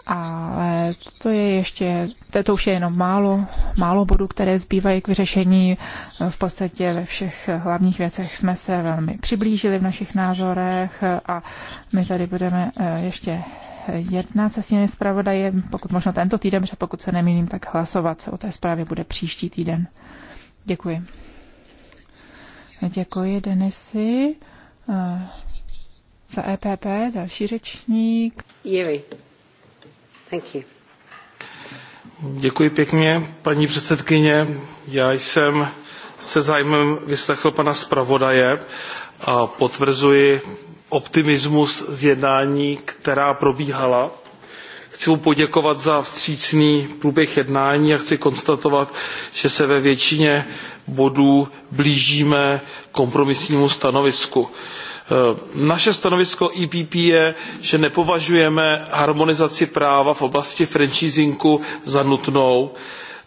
ale to je ještě, to, to už je jenom málo, málo bodů, které zbývají k vyřešení. V podstatě ve všech hlavních věcech jsme se velmi přiblížili v našich názorech a my tady budeme eh, ještě jedna se sněmi zpravodaje, pokud možno tento týden, protože pokud se nemýlím, tak hlasovat se o té zprávě bude příští týden. Děkuji. Děkuji, Denisy. Eh, za EPP další řečník. Jiri. Thank you. Děkuji pěkně, paní předsedkyně. Já jsem se zájmem vyslechl pana zpravodaje a potvrzuji optimismus z jednání, která probíhala. Chci mu poděkovat za vstřícný průběh jednání a chci konstatovat, že se ve většině bodů blížíme kompromisnímu stanovisku. E, naše stanovisko EPP je, že nepovažujeme harmonizaci práva v oblasti franchisingu za nutnou.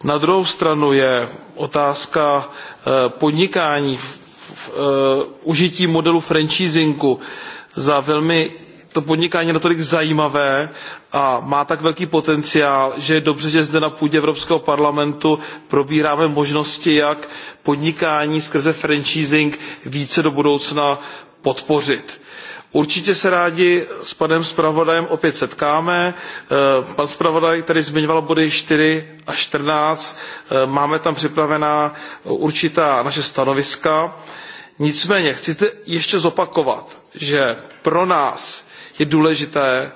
Na druhou stranu je otázka e, podnikání, v, v, v, e, užití modelu franchisingu za velmi to podnikání natolik zajímavé a má tak velký potenciál že je dobře že zde na půdě evropského parlamentu probíráme možnosti jak podnikání skrze franchising více do budoucna podpořit. určitě se rádi s panem zpravodajem opět setkáme eh, pan zpravodaj tady zmiňoval body four a fourteen eh, máme tam připravená určitá naše stanoviska nicméně chci zde ještě zopakovat že pro nás je důležité,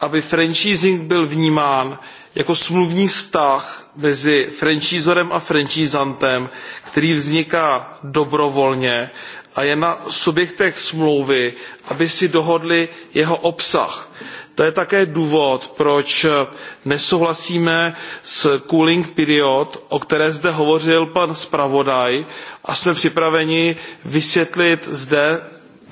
aby franchising byl vnímán jako smluvní vztah mezi franchisorem a franchisantem který vzniká dobrovolně a je na subjektech smlouvy, aby si dohodli jeho obsah. To je také důvod, proč nesouhlasíme s cooling period, o které zde hovořil pan zpravodaj a jsme připraveni vysvětlit zde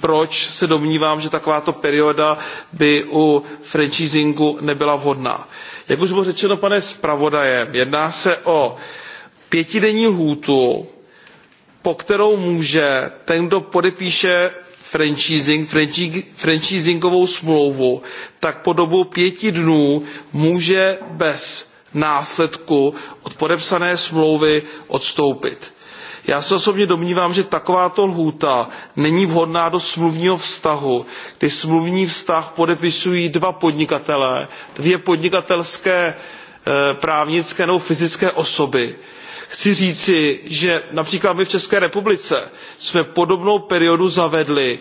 proč se domnívám, že takováto perioda by u franchisingu nebyla vhodná. Jak už bylo řečeno pane zpravodajem, jedná se o pětidenní lhůtu, po kterou může ten, kdo podepíše franchising, franchisingovou smlouvu, tak po dobu pěti dnů může bez následku od podepsané smlouvy odstoupit já se osobně domnívám že takováto lhůta není vhodná do smluvního vztahu kdy smluvní vztah podepisují dva podnikatelé dvě podnikatelské e, právnické nebo fyzické osoby. chci říci že například my v české republice jsme podobnou periodu zavedli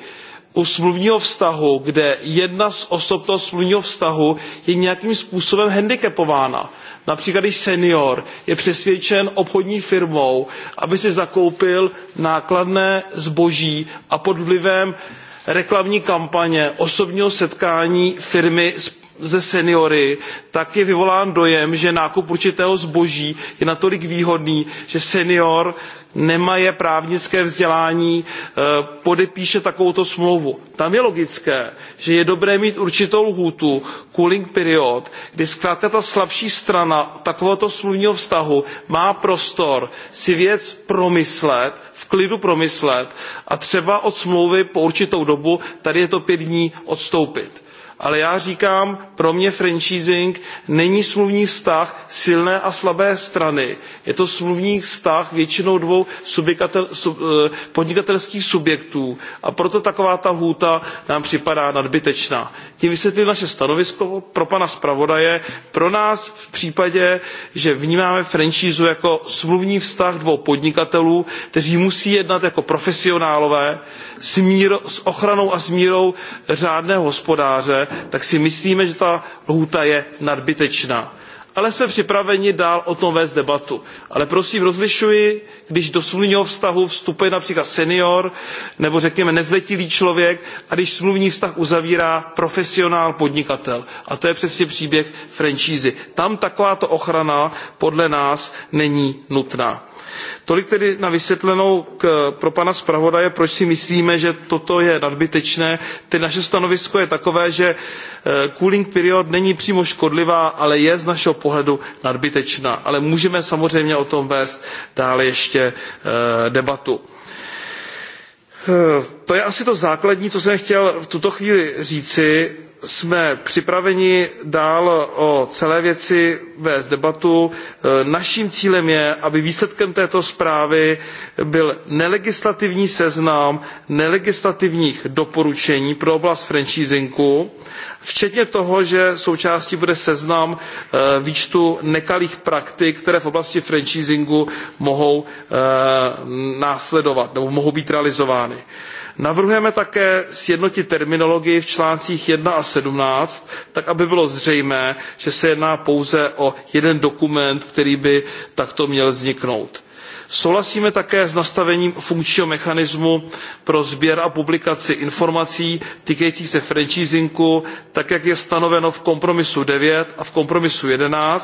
u smluvního vztahu kde jedna z osob toho smluvního vztahu je nějakým způsobem handicapována například když senior je přesvědčen obchodní firmou aby si zakoupil nákladné zboží a pod vlivem reklamní kampaně osobního setkání firmy s se seniory tak je vyvolán dojem že nákup určitého zboží je natolik výhodný že senior nemaje právnické vzdělání eh, podepíše takovouto smlouvu. tam je logické že je dobré mít určitou lhůtu cooling period kdy zkrátka ta slabší strana takovéhoto smluvního vztahu má prostor si věc promyslet v klidu promyslet a třeba od smlouvy po určitou dobu tady je to pět dní odstoupit ale já říkám pro mě franchising není smluvní vztah silné a slabé strany je to smluvní vztah většinou dvou eh, podnikatelských subjektů a proto taková ta lhůta nám připadá nadbytečná. tím vysvětlím naše stanovisko pro pana zpravodaje pro nás v případě že vnímáme franšízu jako smluvní vztah dvou podnikatelů kteří musí jednat jako profesionálové s ochranou a s mírou řádného hospodáře tak si myslíme, že ta lhůta je nadbytečná. Ale jsme připraveni dál o tom vést debatu. Ale prosím rozlišuji, když do smluvního vztahu vstupuje například senior nebo řekněme nezletilý člověk a když smluvní vztah uzavírá profesionál podnikatel. A to je přesně příběh franšízy. Tam takováto ochrana podle nás není nutná tolik tedy na vysvětlenou pro pana zpravodaje proč si myslíme že toto je nadbytečné. tedy naše stanovisko je takové že eh, cooling period není přímo škodlivá ale je z našeho pohledu nadbytečná ale můžeme samozřejmě o tom vést dále ještě eh, debatu eh, to je asi to základní co jsem chtěl v tuto chvíli říci jsme připraveni dál o celé věci vést debatu. E, naším cílem je aby výsledkem této zprávy byl nelegislativní seznam nelegislativních doporučení pro oblast franchisingu včetně toho že součástí bude seznam e, výčtu nekalých praktik které v oblasti franchisingu mohou e, následovat nebo mohou být realizovány navrhujeme také sjednotit terminologii v článcích one a seventeen tak aby bylo zřejmé že se jedná pouze o jeden dokument který by takto měl vzniknout souhlasíme také s nastavením funkčního mechanismu pro sběr a publikaci informací týkajících se franchisingu tak jak je stanoveno v kompromisu nine a v kompromisu eleven e,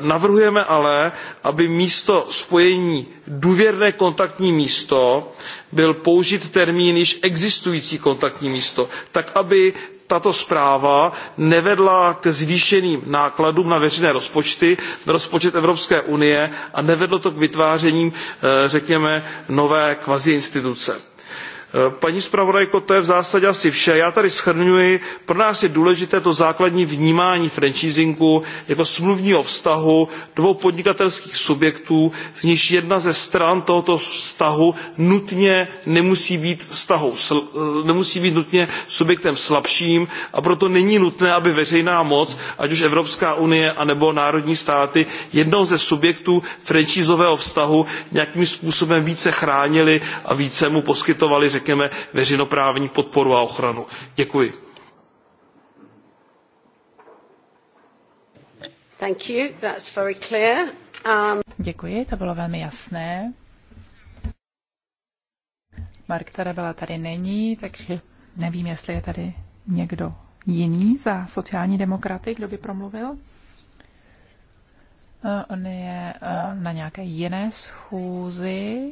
navrhujeme ale aby místo spojení důvěrné kontaktní místo byl použit termín již existující kontaktní místo tak aby tato zpráva nevedla ke zvýšeným nákladům na veřejné rozpočty na rozpočet evropské unie a nevedlo to k vytváření eh, řekněme nové kvaziinstituce. Eh, paní zpravodajko to je v zásadě asi vše. já tady shrnuji pro nás je důležité to základní vnímání franchisingu jako smluvního vztahu dvou podnikatelských subjektů z nichž jedna ze stran tohoto vztahu nutně nemusí být, vztahu, eh, nemusí být nutně subjektem slabším a proto není nutné aby veřejná moc ať už evropská unie anebo národní státy jednoho ze subjektů franchisingového vztahu nějakým způsobem více chránily a více mu poskytovaly řekněme, veřejnoprávní podporu a ochranu. Děkuji. Thank you. That's very clear. Um... Děkuji, to bylo velmi jasné. Mark Tarabela tady není, takže nevím, jestli je tady někdo jiný za sociální demokraty, kdo by promluvil. Uh, on je uh, na nějaké jiné schůzi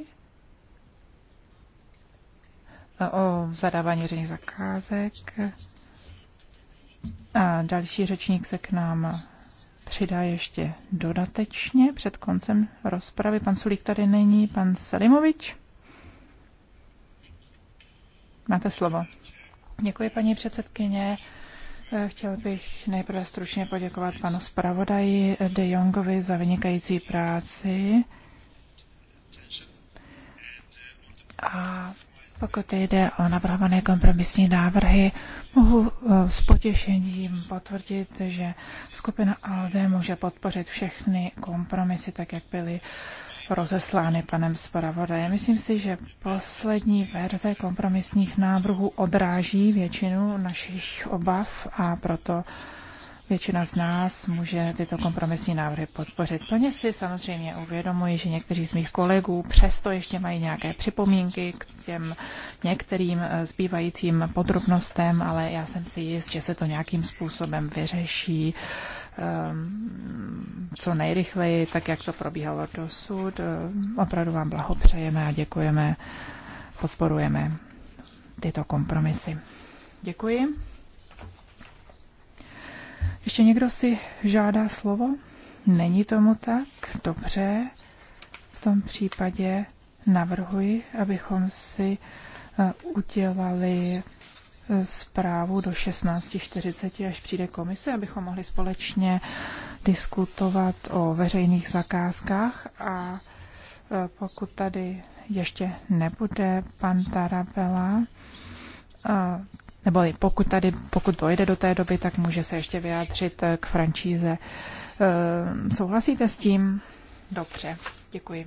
o zadávání veřejných zakázek. A další řečník se k nám přidá ještě dodatečně před koncem rozpravy. Pan Sulík tady není, pan Selimovič. Máte slovo. Děkuji, paní předsedkyně. Chtěl bych nejprve stručně poděkovat panu zpravodaji De Jongovi za vynikající práci. A pokud jde o navrhované kompromisní návrhy, mohu eh, s potěšením potvrdit, že skupina ALD může podpořit všechny kompromisy, tak jak byly rozeslány panem zpravodajem. Myslím si, že poslední verze kompromisních návrhů odráží většinu našich obav a proto Většina z nás může tyto kompromisní návrhy podpořit. Plně si samozřejmě uvědomuji, že někteří z mých kolegů přesto ještě mají nějaké připomínky k těm některým eh, zbývajícím podrobnostem, ale já jsem si jist, že se to nějakým způsobem vyřeší ehm, co nejrychleji, tak jak to probíhalo dosud. Eh, opravdu vám blahopřejeme a děkujeme, podporujeme tyto kompromisy. Děkuji. Ještě někdo si žádá slovo? Není tomu tak? Dobře. V tom případě navrhuji, abychom si eh, udělali eh, zprávu do 16.40, až přijde komise, abychom mohli společně diskutovat o veřejných zakázkách a eh, pokud tady ještě nebude pan Tarabela, nebo pokud tady, pokud dojde do té doby, tak může se ještě vyjádřit eh, k francíze. Eh, souhlasíte s tím? Dobře, děkuji.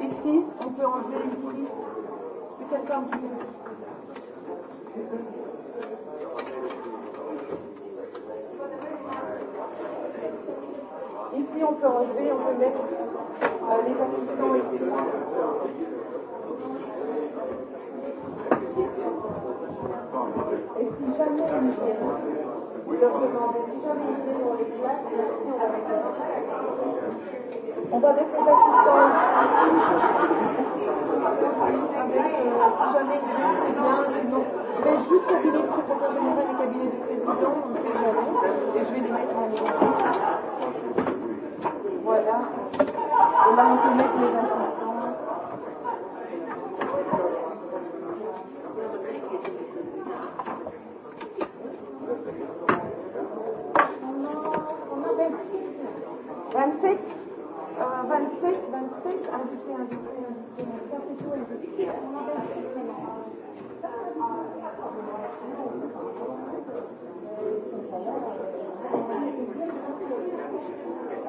Ici, on peut enlever ici. Peut-être un peu. si on peut enlever, on peut mettre euh, les assistants et c'est Et si jamais ils viennent, leur demander, si jamais ils viennent dans les classes, merci, on va mettre les assistants. On va mettre les assistants Avec, si jamais ils viennent, c'est bien, sinon je vais juste cabinet de secrétaire général et cabinet du président, on ne sait jamais, et je vais les mettre en ligne. Voilà. On va mettre les assistants. 26. 27 27, 27, Thank you.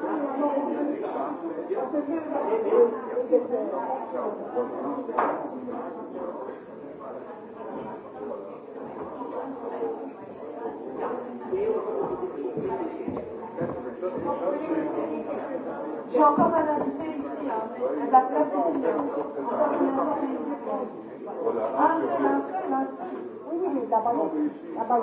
J'ai encore la nationalité, hein. Elle a placé une Un seul, un seul, un seul. Oui, oui, mais la balle. La balle.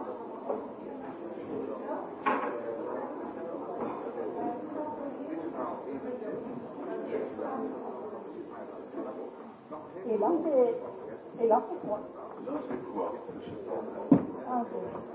Et là, c'est. Et là, c'est quoi Là, c'est quoi Je sais pas. Ah, c'est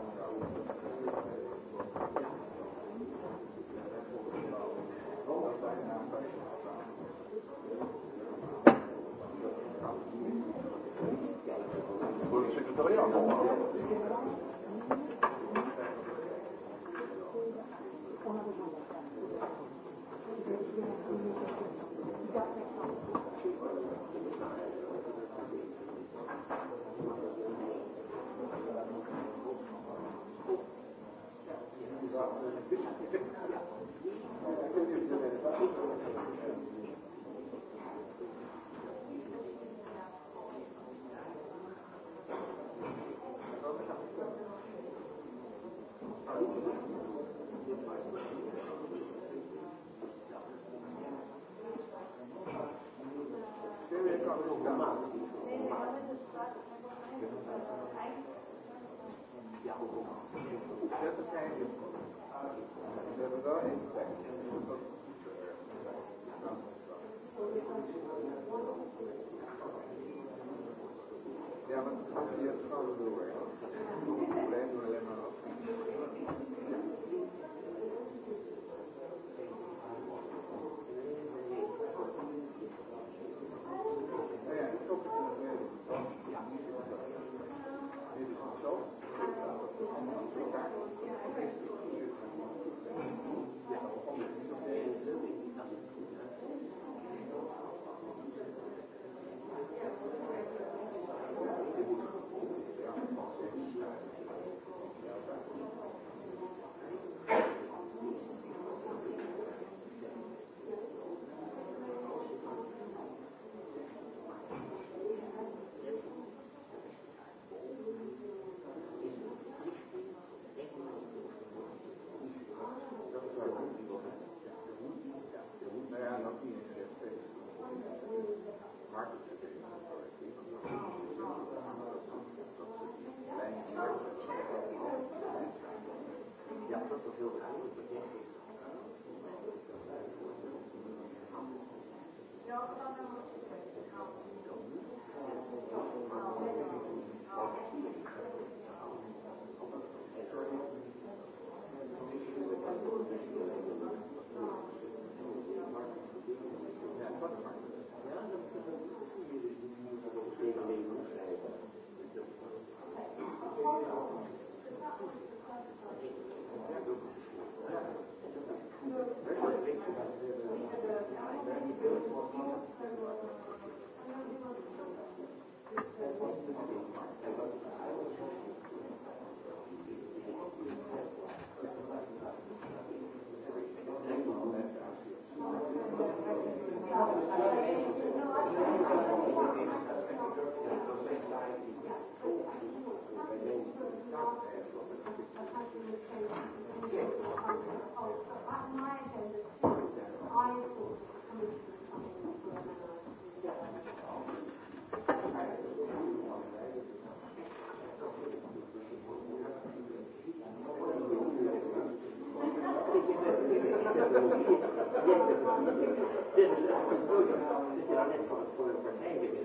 Dit is een goede voor de partij.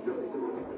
Thank you.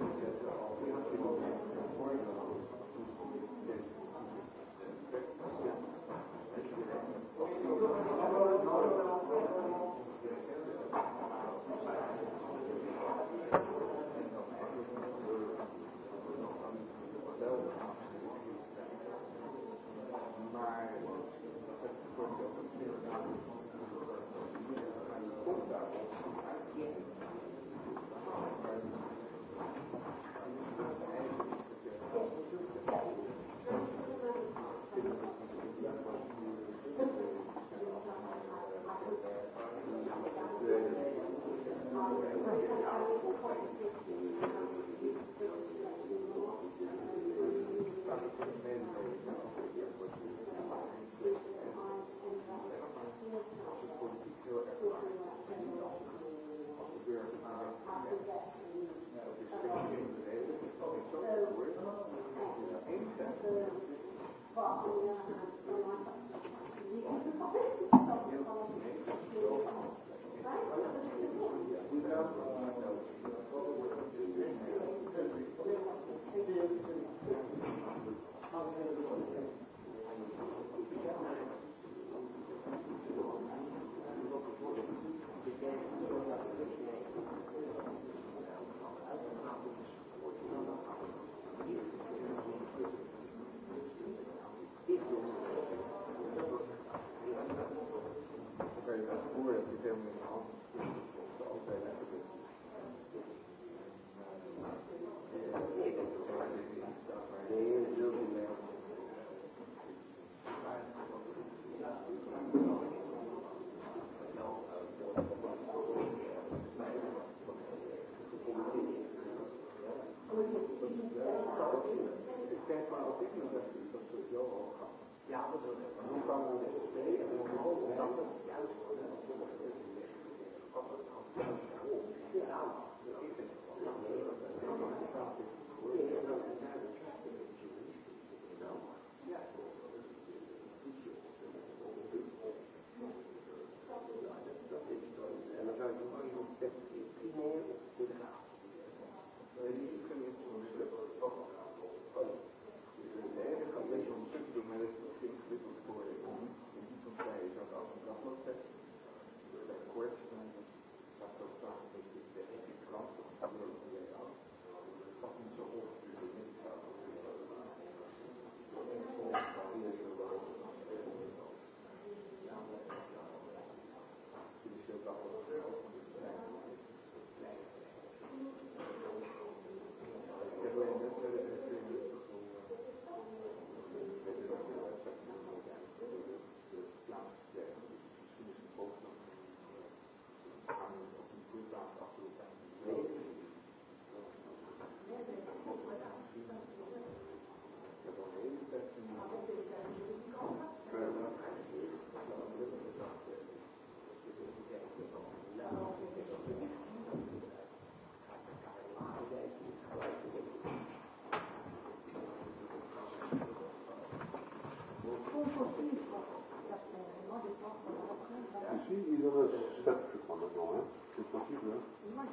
l'argent, hein C'est possible, hein Moi,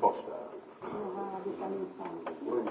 pas ça. On va détailler ensemble. Oui.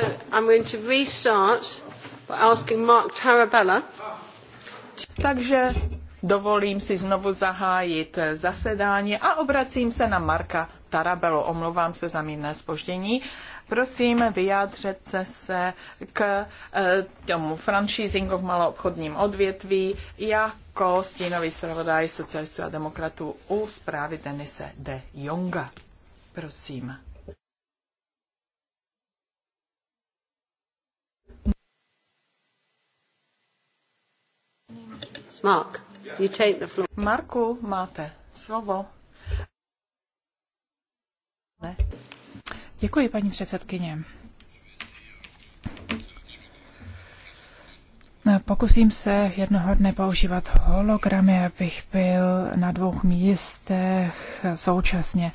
So I'm going to restart by asking Mark Tarabella. Takže dovolím si znovu zahájit zasedání a obracím se na Marka Tarabelu. Omlouvám se za mírné spoždění. Prosím, vyjádřit se, se k eh, tomu franšízingu v maloobchodním odvětví jako stínový zpravodaj socialistů a demokratů u zprávy Denise de Jonga. Prosím. Mark, you take the floor. Marku, máte slovo. Ne. Děkuji, paní předsedkyně. No, pokusím se jednoho dne používat hologramy, abych byl na dvou místech současně,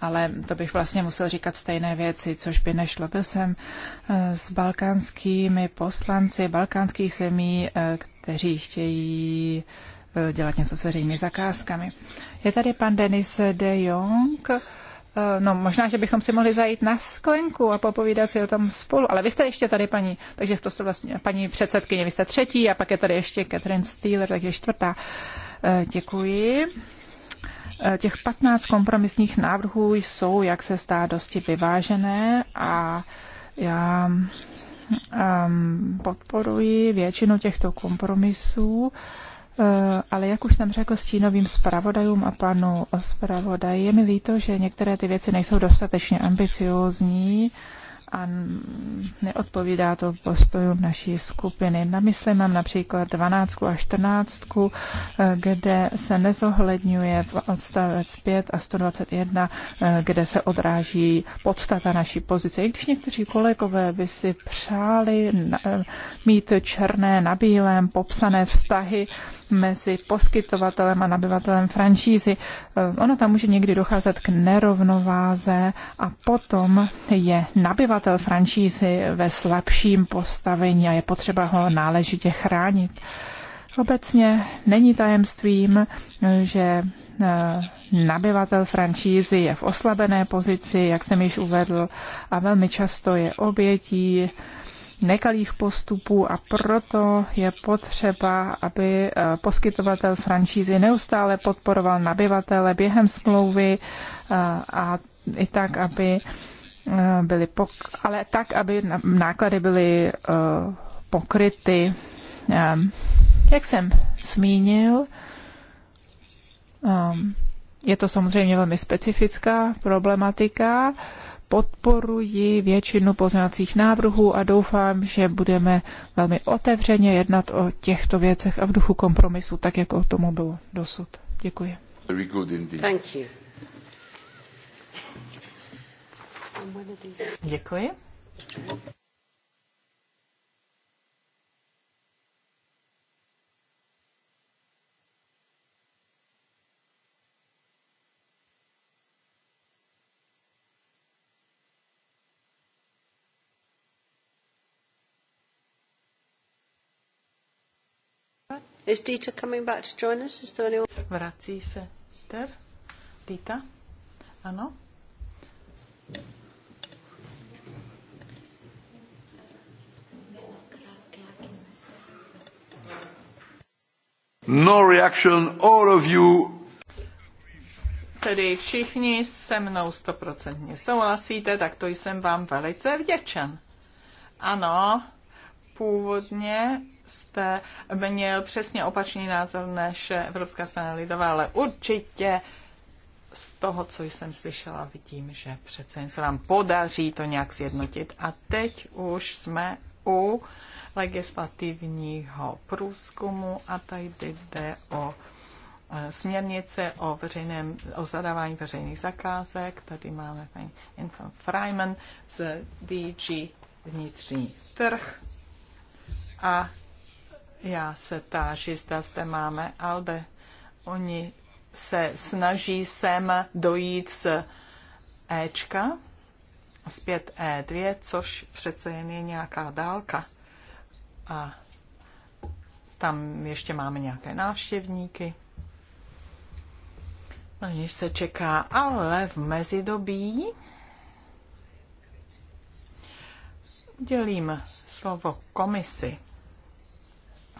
ale to bych vlastně musel říkat stejné věci, což by nešlo. Byl jsem eh, s balkánskými poslanci balkánských zemí, eh, kteří chtějí eh, dělat něco s veřejnými zakázkami. Je tady pan Denis de Jong. Eh, no, možná, že bychom si mohli zajít na sklenku a popovídat si o tom spolu. Ale vy jste ještě tady, paní, takže to jste vlastně paní předsedkyně, vy jste třetí a pak je tady ještě Catherine Steeler, takže čtvrtá. Eh, děkuji. Těch 15 kompromisních návrhů jsou, jak se zdá, dosti vyvážené a já um, podporuji většinu těchto kompromisů, eh, ale jak už jsem řekl stínovým zpravodajům a panu zpravodaji, je mi líto, že některé ty věci nejsou dostatečně ambiciózní a neodpovídá to postoju naší skupiny. Na mysli mám například 12 a 14, kde se nezohledňuje odstavec 5 a 121, kde se odráží podstata naší pozice. I když někteří kolegové by si přáli mít černé na bílém popsané vztahy mezi poskytovatelem a nabyvatelem franšízy, ono tam může někdy docházet k nerovnováze a potom je nabyvatel provozovatel franšízy ve slabším postavení a je potřeba ho náležitě chránit. Obecně není tajemstvím, že eh, nabyvatel francízy je v oslabené pozici, jak jsem již uvedl, a velmi často je obětí nekalých postupů a proto je potřeba, aby eh, poskytovatel francízy neustále podporoval nabyvatele během smlouvy eh, a i tak, aby Eh, byly pok- ale tak, aby náklady byly eh, pokryty. Ehm, jak jsem zmínil, ehm, je to samozřejmě velmi specifická problematika. Podporuji většinu pozměňovacích návrhů a doufám, že budeme velmi otevřeně jednat o těchto věcech a v duchu kompromisu, tak jako tomu bylo dosud. Děkuji. Thank you. Děkuji. Is Dita coming back to join us? Is there anyone? Vrací se Ter? Dita? Ano? No reaction, all of you. Tedy všichni se mnou stoprocentně souhlasíte, tak to jsem vám velice vděčen. Ano, původně jste měl přesně opačný názor než Evropská strana lidová, ale určitě z toho, co jsem slyšela, vidím, že přece jen se vám podaří to nějak zjednotit. A teď už jsme u legislativního průzkumu a tady jde o e, směrnice o, veřejném, o zadávání veřejných zakázek. Tady máme paní Infant Freiman z DG vnitřní trh. A já se táži, zda zde máme Albe. Oni se snaží sem dojít z Ečka zpět E2, což přece jen je nějaká dálka. A tam ještě máme nějaké návštěvníky. Na něž se čeká, ale v mezidobí udělím slovo komisi.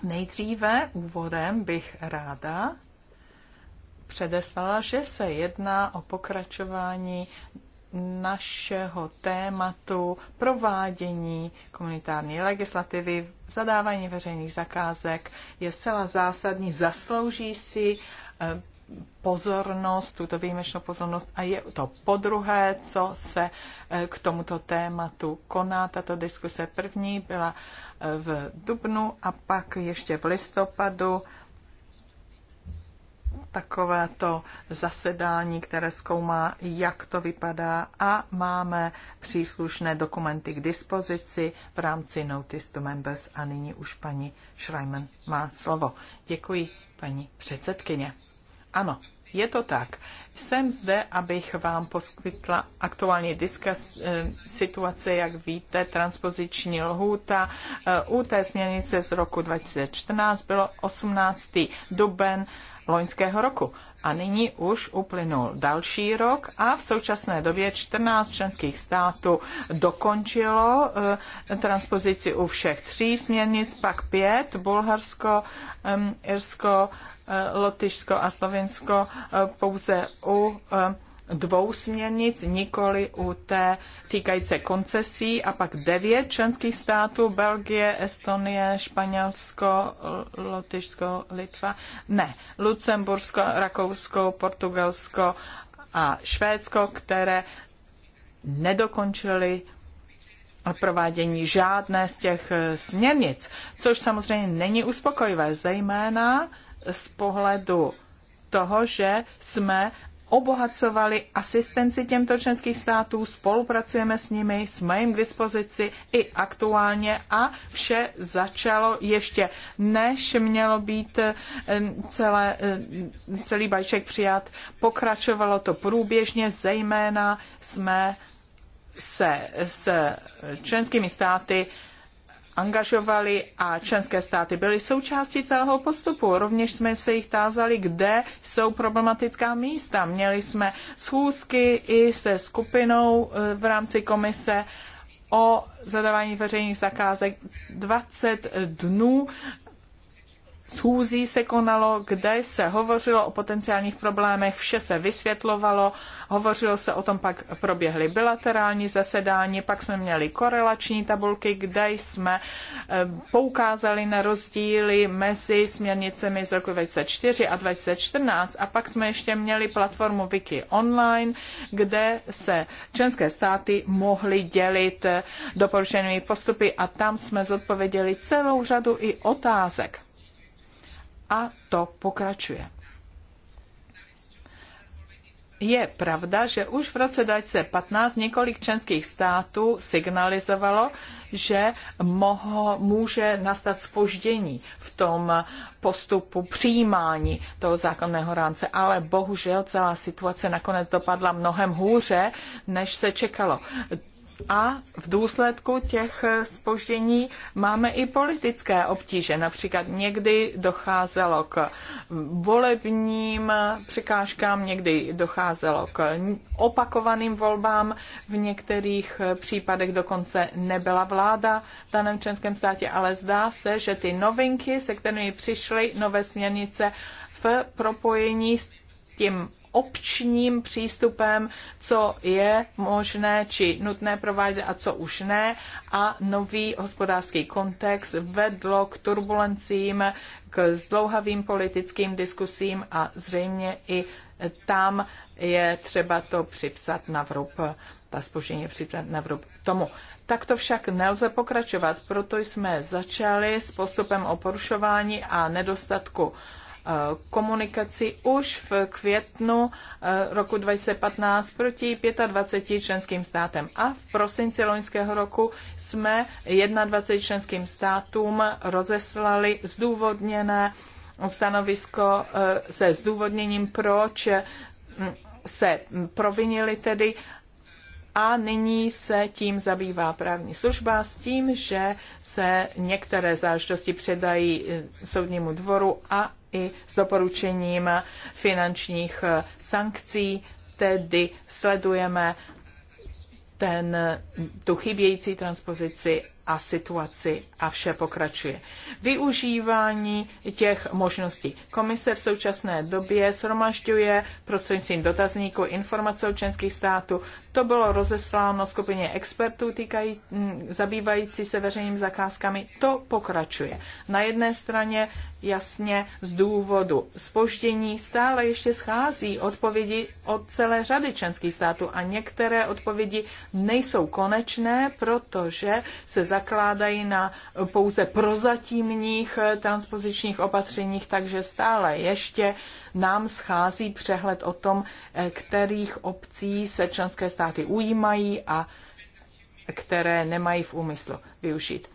Nejdříve úvodem bych ráda předeslala, že se jedná o pokračování našeho tématu provádění komunitární legislativy, zadávání veřejných zakázek je zcela zásadní, zaslouží si eh, pozornost, tuto výjimečnou pozornost a je to podruhé, co se eh, k tomuto tématu koná. Tato diskuse první byla eh, v Dubnu a pak ještě v listopadu takovéto zasedání, které zkoumá, jak to vypadá a máme příslušné dokumenty k dispozici v rámci Notice to Members a nyní už paní Schreiman má slovo. Děkuji, paní předsedkyně. Ano, je to tak. Jsem zde, abych vám poskytla aktuální diskus eh, situace, jak víte, transpoziční lhůta eh, u té směrnice z roku 2014 bylo 18. duben loňského roku. A nyní už uplynul další rok a v současné době 14 členských států dokončilo eh, transpozici u všech tří směrnic, pak pět, Bulharsko, Irsko, eh, Lotyšsko a Slovinsko eh, pouze u dvou směrnic, nikoli u té týkající koncesí a pak devět členských států, Belgie, Estonie, Španělsko, Lotyšsko, Litva, ne, Lucembursko, Rakousko, Portugalsko a Švédsko, které nedokončily provádění žádné z těch eh, směrnic, což samozřejmě není uspokojivé, zejména z pohledu toho, že jsme obohacovali asistenci těmto členských států, spolupracujeme s nimi, jsme jim k dispozici i aktuálně a vše začalo ještě, než mělo být eh, celé, eh, celý bajček přijat. Pokračovalo to průběžně, zejména jsme se s členskými státy angažovali a členské státy byly součástí celého postupu. Rovněž jsme se jich tázali, kde jsou problematická místa. Měli jsme schůzky i se skupinou eh, v rámci komise o zadávání veřejných zakázek 20 dnů schůzí se konalo, kde se hovořilo o potenciálních problémech, vše se vysvětlovalo, hovořilo se o tom, pak proběhly bilaterální zasedání, pak jsme měli korelační tabulky, kde jsme eh, poukázali na rozdíly mezi směrnicemi z roku 2004 a 2014 a pak jsme ještě měli platformu Wiki Online, kde se členské státy mohly dělit eh, doporučenými postupy a tam jsme zodpověděli celou řadu i otázek a to pokračuje. Je pravda, že už v roce 2015 několik členských států signalizovalo, že moho, může nastat spoždění v tom postupu přijímání toho zákonného rámce, ale bohužel celá situace nakonec dopadla mnohem hůře, než se čekalo. A v důsledku těch spoždění máme i politické obtíže. Například někdy docházelo k volebním překážkám, někdy docházelo k opakovaným volbám, v některých případech dokonce nebyla vláda v daném členském státě, ale zdá se, že ty novinky, se kterými přišly nové směrnice v propojení s tím opčním přístupem, co je možné či nutné provádět a co už ne. A nový hospodářský kontext vedlo k turbulencím, k zdlouhavým politickým diskusím a zřejmě i tam je třeba to připsat na vrub, ta spoždění je připsat na vrub tomu. Tak to však nelze pokračovat, proto jsme začali s postupem o porušování a nedostatku Eh, komunikaci už v květnu eh, roku 2015 proti 25 členským státem. A v prosinci loňského roku jsme 21 členským státům rozeslali zdůvodněné stanovisko eh, se zdůvodněním, proč se provinili tedy a nyní se tím zabývá právní služba s tím, že se některé záležitosti předají soudnímu dvoru a i s doporučením finančních eh, sankcí, tedy sledujeme ten, tu chybějící transpozici a situaci a vše pokračuje. Využívání těch možností. Komise v současné době shromažďuje prostřednictvím dotazníku informace o členských států. To bylo rozesláno skupině expertů týkají, zabývající se veřejnými zakázkami. To pokračuje. Na jedné straně jasně z důvodu spoždění stále ještě schází odpovědi od celé řady členských států a některé odpovědi nejsou konečné, protože se zakládají na pouze prozatímních eh, transpozičních opatřeních, takže stále ještě nám schází přehled o tom, eh, kterých obcí se členské státy ujímají a které nemají v úmyslu využít.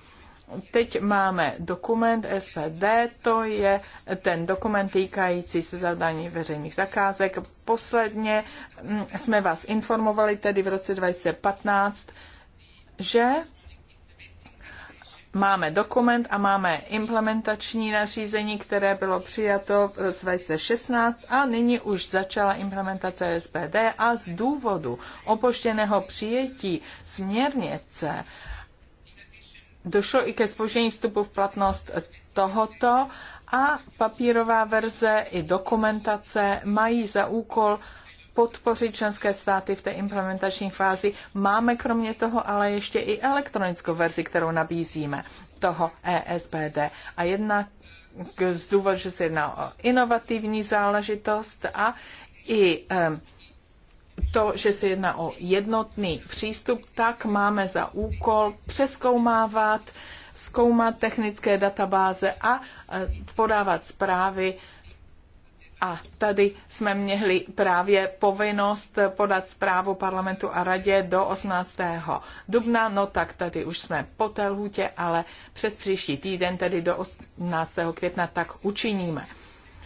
Teď máme dokument SPD, to je ten dokument týkající se zadání veřejných zakázek. Posledně mm, jsme vás informovali tedy v roce 2015, že máme dokument a máme implementační nařízení, které bylo přijato v roce 2016 a nyní už začala implementace SPD a z důvodu opoštěného přijetí směrnice došlo i ke spoždění vstupu v platnost tohoto a papírová verze i dokumentace mají za úkol podpořit členské státy v té implementační fázi. Máme kromě toho ale ještě i elektronickou verzi, kterou nabízíme toho ESBD. A jedna z důvodů, že se jedná o inovativní záležitost a i to, že se jedná o jednotný přístup, tak máme za úkol přeskoumávat, zkoumat technické databáze a eh, podávat zprávy a tady jsme měli právě povinnost podat zprávu parlamentu a radě do 18. dubna, no tak tady už jsme po té lhůtě, ale přes příští týden, tedy do 18. května, tak učiníme.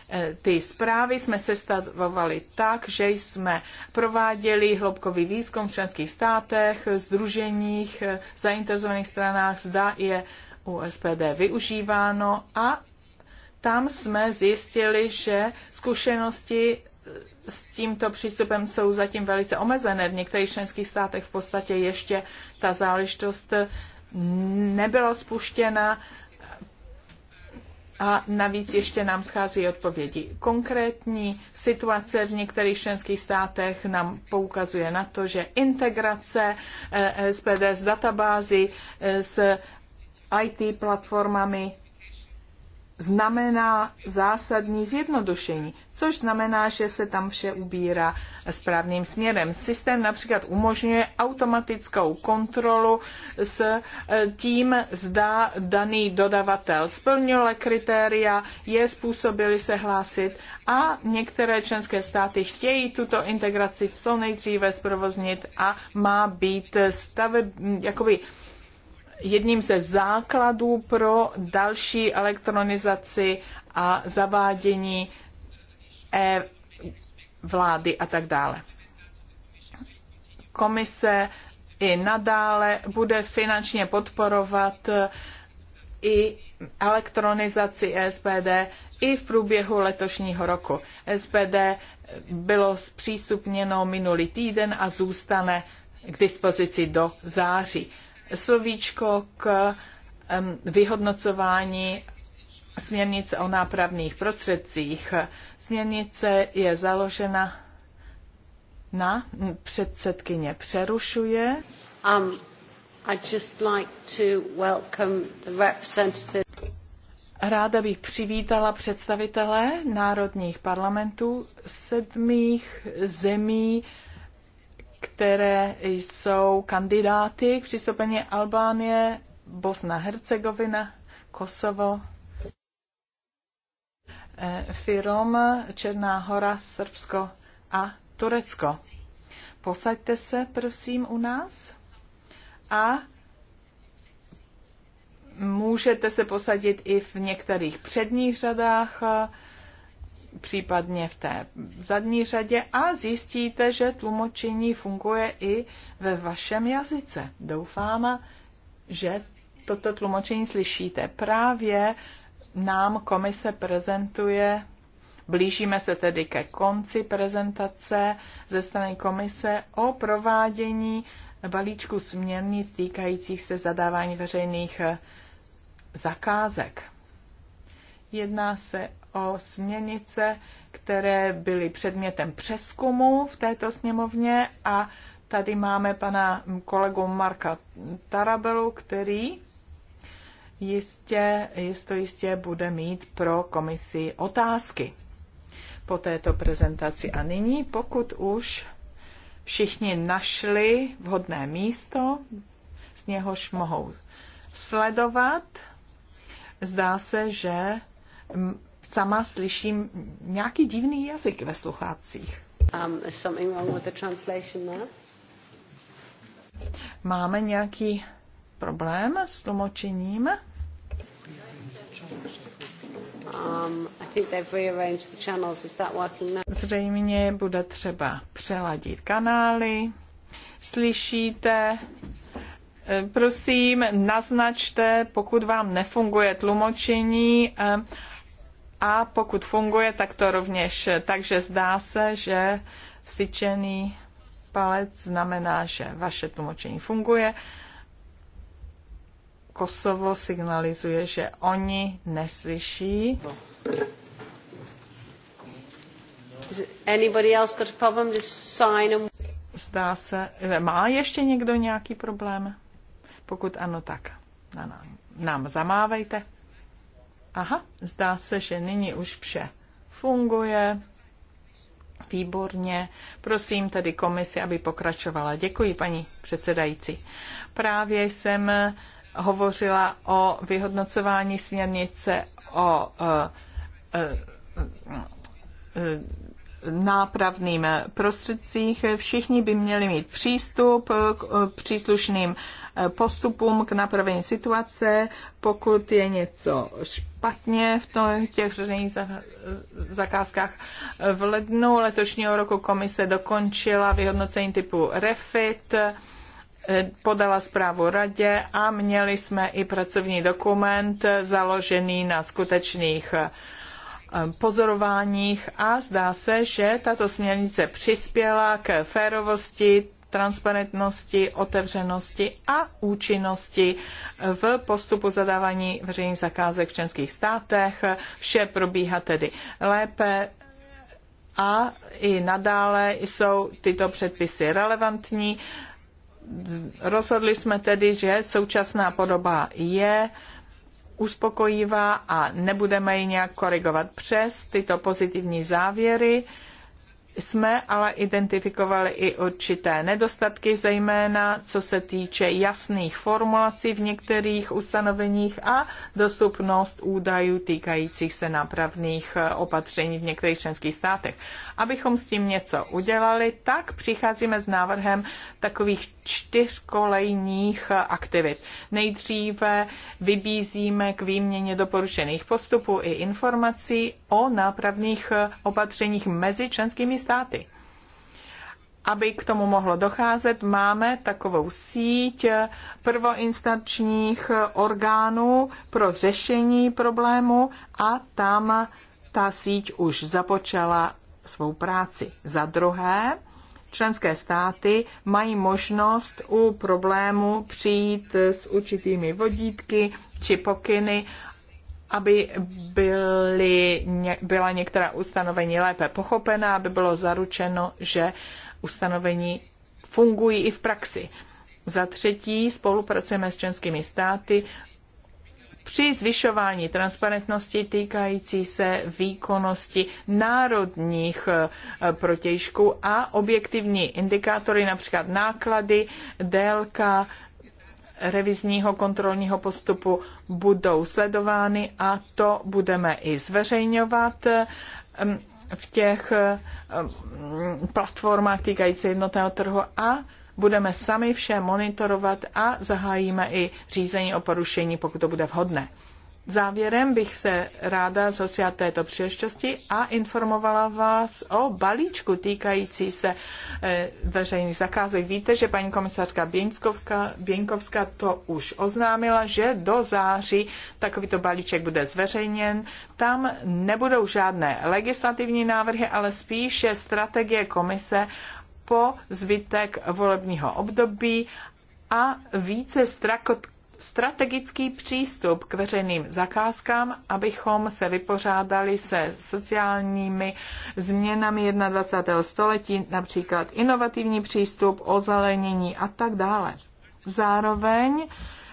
E, ty zprávy jsme sestavovali tak, že jsme prováděli hloubkový výzkum v členských státech, združeních, e, zainteresovaných stranách, zda je SPD využíváno a tam jsme zjistili, že zkušenosti eh, s tímto přístupem jsou zatím velice omezené. V některých členských státech v podstatě ještě ta záležitost eh, nebyla spuštěna a navíc ještě nám schází odpovědi. Konkrétní situace v některých členských státech nám poukazuje na to, že integrace SPD eh, s databázy, s IT platformami znamená zásadní zjednodušení, což znamená, že se tam vše ubírá správným směrem. Systém například umožňuje automatickou kontrolu s e, tím, zda daný dodavatel splnil kritéria, je způsobili se hlásit a některé členské státy chtějí tuto integraci co nejdříve zprovoznit a má být stave jakoby, jedním ze základů pro další elektronizaci a zavádění e vlády a tak dále. Komise i nadále bude finančně podporovat i elektronizaci SPD i v průběhu letošního roku. SPD bylo zpřístupněno minulý týden a zůstane k dispozici do září slovíčko k vyhodnocování směrnice o nápravných prostředcích. Směrnice je založena na předsedkyně přerušuje. Um, I'd just like to welcome the representative. Ráda bych přivítala představitele národních parlamentů sedmých zemí které jsou kandidáty k přistoupení Albánie, Bosna, Hercegovina, Kosovo, eh, Firom, Černá hora, Srbsko a Turecko. Posaďte se, prosím, u nás a můžete se posadit i v některých předních řadách případně v té zadní řadě a zjistíte, že tlumočení funguje i ve vašem jazyce. Doufám, že toto tlumočení slyšíte. Právě nám komise prezentuje, blížíme se tedy ke konci prezentace ze strany komise o provádění balíčku směrnic týkajících se zadávání veřejných zakázek. Jedná se o směnice, které byly předmětem přeskumu v této sněmovně a tady máme pana kolegu Marka Tarabelu, který jistě, jisto jistě bude mít pro komisi otázky po této prezentaci. A nyní, pokud už všichni našli vhodné místo, z něhož mohou sledovat, zdá se, že sama slyším nějaký divný jazyk ve sluchácích. Um, is something wrong with the translation there? Máme nějaký problém s tlumočením? Um, I think they've rearranged the channels. Is that working now? Zřejmě bude třeba přeladit kanály. Slyšíte? Eh, prosím, naznačte, pokud vám nefunguje tlumočení eh, a pokud funguje, tak to rovněž. Takže zdá se, že vsyčený palec znamená, že vaše tlumočení funguje. Kosovo signalizuje, že oni neslyší. Zdá se, má ještě někdo nějaký problém? Pokud ano, tak na nám, nám zamávejte. Aha, zdá se, že nyní už vše funguje. Výborně. Prosím tedy komisi, aby pokračovala. Děkuji, paní předsedající. Právě jsem hovořila o vyhodnocování směrnice o eh, eh, eh, nápravným prostředcích. Všichni by měli mít přístup k eh, příslušným eh, postupům k napravení situace, pokud je něco špatně v těch řešených zakázkách. V lednu letošního roku komise dokončila vyhodnocení typu REFIT, eh, podala zprávu radě a měli jsme i pracovní dokument založený na skutečných Eh, pozorováních a zdá se, že tato směrnice přispěla k férovosti, transparentnosti, otevřenosti a účinnosti v postupu zadávání veřejných zakázek v členských státech. Vše probíhá tedy lépe a i nadále jsou tyto předpisy relevantní. Rozhodli jsme tedy, že současná podoba je uspokojivá a nebudeme ji nějak korigovat přes tyto pozitivní závěry. Jsme ale identifikovali i určité nedostatky, zejména co se týče jasných formulací v některých ustanoveních a dostupnost údajů týkajících se nápravných eh, opatření v některých členských státech. Abychom s tím něco udělali, tak přicházíme s návrhem takových čtyřkolejních aktivit. Nejdříve vybízíme k výměně doporučených postupů i informací o nápravných opatřeních mezi členskými státy. Aby k tomu mohlo docházet, máme takovou síť prvoinstančních orgánů pro řešení problému a tam ta síť už započala svou práci. Za druhé, členské státy mají možnost u problému přijít s určitými vodítky či pokyny, aby byly, byla některá ustanovení lépe pochopena, aby bylo zaručeno, že ustanovení fungují i v praxi. Za třetí spolupracujeme s členskými státy při zvyšování transparentnosti týkající se výkonnosti národních eh, protějšků a objektivní indikátory, například náklady, délka revizního kontrolního postupu budou sledovány a to budeme i zveřejňovat ehm, v těch eh, platformách týkající jednotného trhu a budeme sami vše monitorovat a zahájíme i řízení o porušení, pokud to bude vhodné. Závěrem bych se ráda zhostila této příležitosti a informovala vás o balíčku týkající se eh, veřejných zakázek. Víte, že paní komisařka Běňkovská to už oznámila, že do září takovýto balíček bude zveřejněn. Tam nebudou žádné legislativní návrhy, ale spíše strategie komise po zbytek volebního období a více strategický přístup k veřejným zakázkám, abychom se vypořádali se sociálními změnami 21. století, například inovativní přístup, ozelenění a tak dále. Zároveň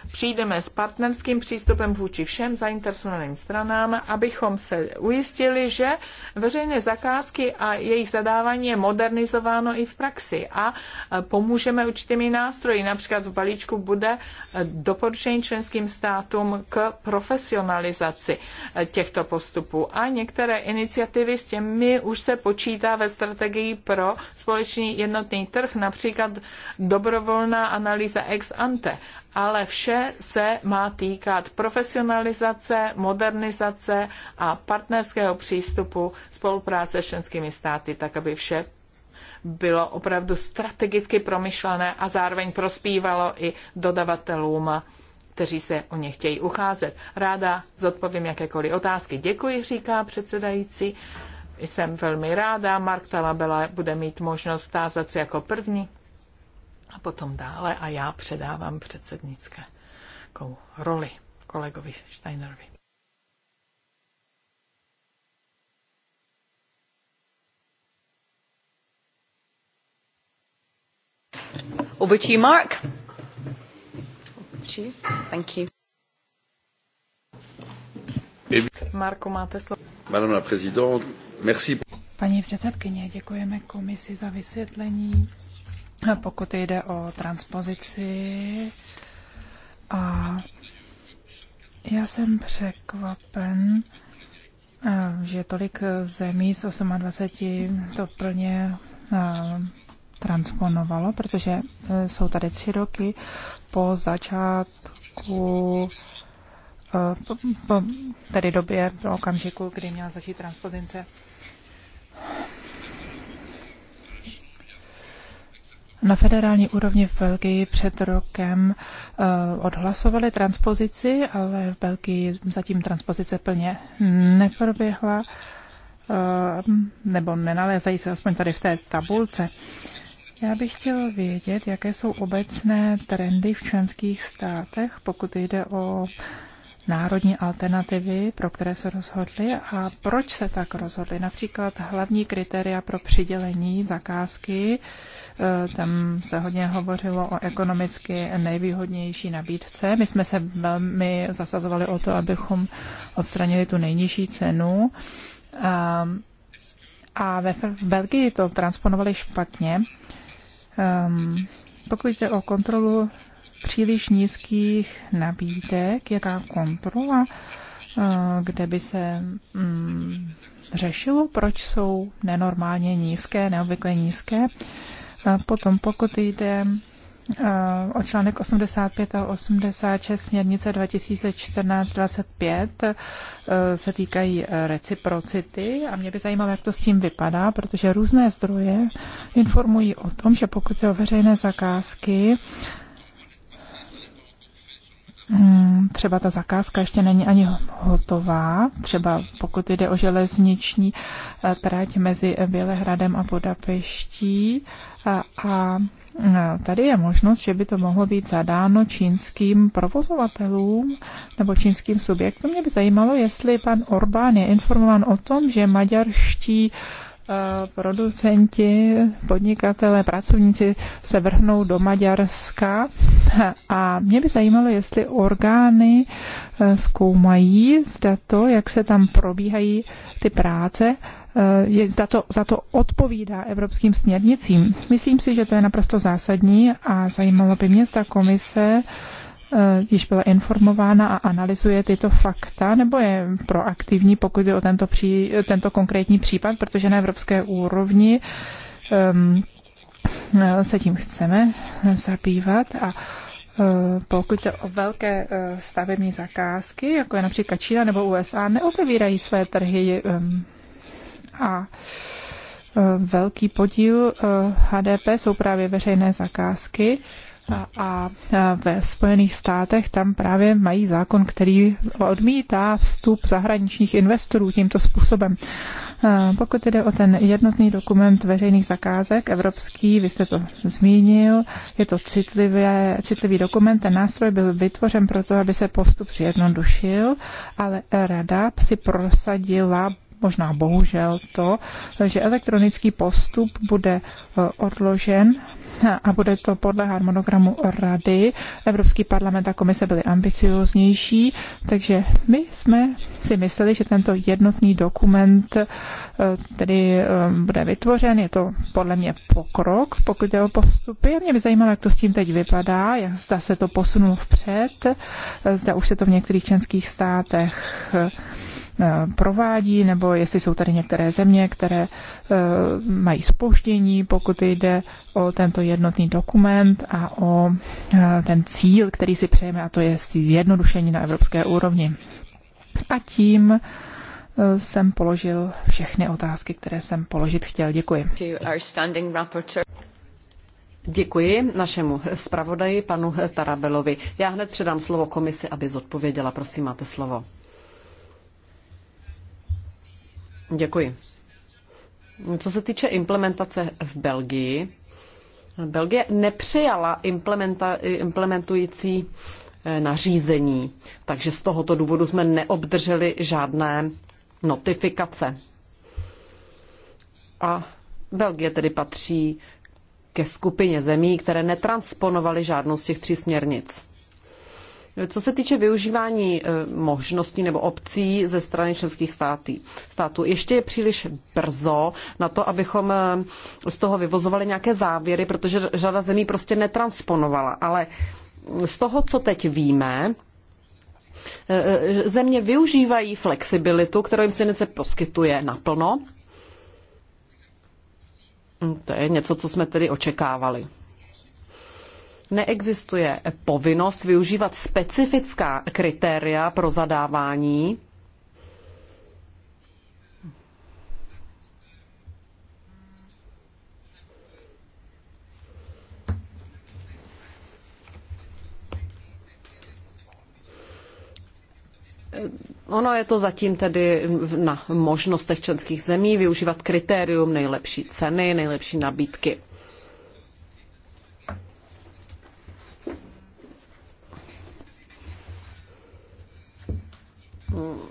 přijdeme s partnerským přístupem vůči všem zainteresovaným stranám, abychom se ujistili, že veřejné zakázky a jejich zadávání je modernizováno i v praxi a e, pomůžeme určitými nástroji. Například v balíčku bude e, doporučení členským státům k profesionalizaci e, těchto postupů a některé iniciativy s těmi už se počítá ve strategii pro společný jednotný trh, například dobrovolná analýza ex ante ale vše se má týkat profesionalizace, modernizace a partnerského přístupu spolupráce s členskými státy, tak aby vše bylo opravdu strategicky promyšlené a zároveň prospívalo i dodavatelům, kteří se o ně chtějí ucházet. Ráda zodpovím jakékoliv otázky. Děkuji, říká předsedající. Jsem velmi ráda. Mark Talabela bude mít možnost stázat se jako první a potom dále a já předávám předsednické roli kolegovi Steinerovi. Over to you, Mark. Thank you. Marko, máte slovo. Madame la Présidente, merci. Paní předsedkyně, děkujeme komisi za vysvětlení pokud jde o transpozici. A já jsem překvapen, že tolik zemí z 28 to plně transponovalo, protože e, jsou tady tři roky po začátku e, po, po, tedy době, po okamžiku, kdy měla začít transpozice. na federální úrovni v Belgii před rokem eh, odhlasovali transpozici, ale v Belgii zatím transpozice plně neproběhla, eh, nebo nenalézají se aspoň tady v té tabulce. Já bych chtěl vědět, jaké jsou obecné trendy v členských státech, pokud jde o národní alternativy, pro které se rozhodli a proč se tak rozhodli. Například hlavní kritéria pro přidělení zakázky, eh, tam se hodně hovořilo o ekonomicky nejvýhodnější nabídce. My jsme se velmi zasazovali o to, abychom odstranili tu nejnižší cenu. A, eh, a ve, v Belgii to transponovali špatně. Um, pokud jde o kontrolu příliš nízkých nabídek, jaká kontrola, eh, kde by se mm, řešilo, proč jsou nenormálně nízké, neobvykle nízké. Potom pokud jde eh, o článek 85 a 86 směrnice 2014-25 eh, se týkají reciprocity a mě by zajímalo, jak to s tím vypadá, protože různé zdroje informují o tom, že pokud je o veřejné zakázky, Hmm, třeba ta zakázka ještě není ani hotová, třeba pokud jde o železniční eh, trať mezi Bělehradem a Budapeští. A, a eh, tady je možnost, že by to mohlo být zadáno čínským provozovatelům nebo čínským subjektům. Mě by zajímalo, jestli pan Orbán je informován o tom, že maďarští uh, producenti, podnikatelé, pracovníci se vrhnou do Maďarska a mě by zajímalo, jestli orgány eh, zkoumají, zda to, jak se tam probíhají ty práce, eh, je, zda to, za to odpovídá evropským směrnicím. Myslím si, že to je naprosto zásadní a zajímalo by mě, zda komise uh, Eh, již byla informována a analyzuje tyto fakta, nebo je proaktivní, pokud je o tento, pří, tento konkrétní případ, protože na evropské úrovni um, se tím chceme zabývat a eh, pokud jde o velké stavební zakázky, jako je například Čína nebo USA, neotevírají své trhy ehm, a velký podíl HDP jsou právě veřejné zakázky a ve Spojených státech tam právě mají zákon, který odmítá vstup zahraničních investorů tímto způsobem. Pokud jde o ten jednotný dokument veřejných zakázek, evropský, vy jste to zmínil, je to citlivé, citlivý dokument, ten nástroj byl vytvořen proto, aby se postup zjednodušil, ale rada si prosadila možná bohužel to, že elektronický postup bude eh, odložen a bude to podle harmonogramu rady. Evropský parlament a komise byly ambicioznější, takže my jsme si mysleli, že tento jednotný dokument eh, tedy eh, bude vytvořen. Je to podle mě pokrok, pokud je o postupy. Mě by zajímalo, jak to s tím teď vypadá, jak zda se to posunulo vpřed, zda už se to v některých členských státech Eh, provádí, nebo jestli jsou tady některé země, které eh, mají spoždění, pokud jde o tento jednotný dokument a o eh, ten cíl, který si přejeme, a to je zjednodušení na evropské úrovni. A tím jsem položil všechny otázky, které jsem položit chtěl. Děkuji. Děkuji našemu zpravodaji, panu Tarabelovi. Já hned předám slovo komisi, aby zodpověděla. Prosím, máte slovo. Děkuji. Co se týče implementace v Belgii, Belgie nepřijala implementující eh, nařízení, takže z tohoto důvodu jsme neobdrželi žádné notifikace. A Belgie tedy patří ke skupině zemí, které netransponovaly žádnou z těch tří směrnic. Co se týče využívání eh, možností nebo obcí ze strany členských státí, států, ještě je příliš brzo na to, abychom eh, z toho vyvozovali nějaké závěry, protože řada zemí prostě netransponovala. Ale z toho, co teď víme, eh, země využívají flexibilitu, kterou jim směrnice poskytuje naplno. To je něco, co jsme tedy očekávali neexistuje povinnost využívat specifická kritéria pro zadávání. Ono je to zatím tedy na možnostech členských zemí využívat kritérium nejlepší ceny, nejlepší nabídky.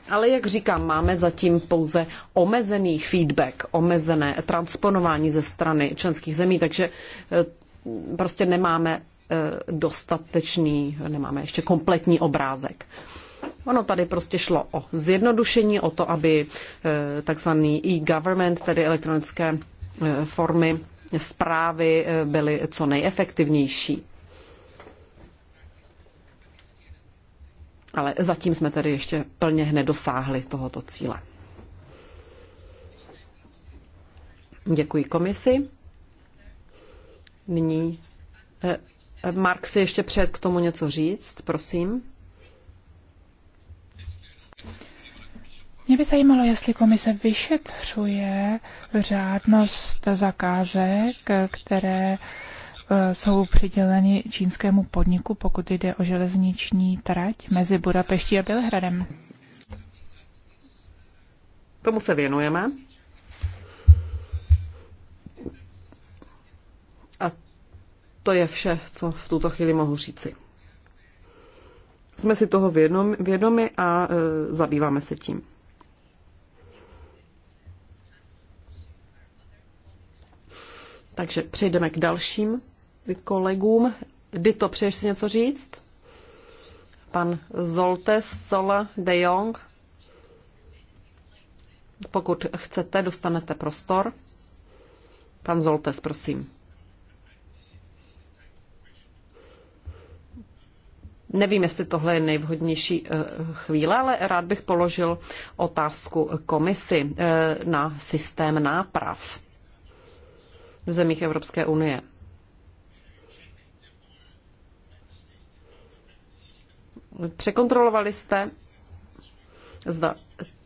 Ale jak říkám, máme zatím pouze omezený feedback, omezené transponování ze strany členských zemí, takže eh, prostě nemáme eh, dostatečný, nemáme ještě kompletní obrázek. Ono tady prostě šlo o zjednodušení, o to, aby eh, takzvaný e-government, tedy elektronické formy zprávy, byly co nejefektivnější. Ale zatím jsme tedy ještě plně nedosáhli tohoto cíle. Děkuji komisi. Nyní eh, Mark si ještě před k tomu něco říct, prosím. Mě by zajímalo, jestli komise vyšetřuje řádnost zakázek, které E, jsou přiděleny čínskému podniku, pokud jde o železniční trať mezi Budapeští a Bělhradem? Tomu se věnujeme. A to je vše, co v tuto chvíli mohu říci. Jsme si toho vědomi a e, zabýváme se tím. Takže přejdeme k dalším kolegům. Dito, přeješ si něco říct? Pan Zoltes Sola de Jong. Pokud chcete, dostanete prostor. Pan Zoltes, prosím. Nevím, jestli tohle je nejvhodnější eh, chvíle, ale rád bych položil otázku komisi eh, na systém náprav v zemích Evropské unie. Překontrolovali jste, zda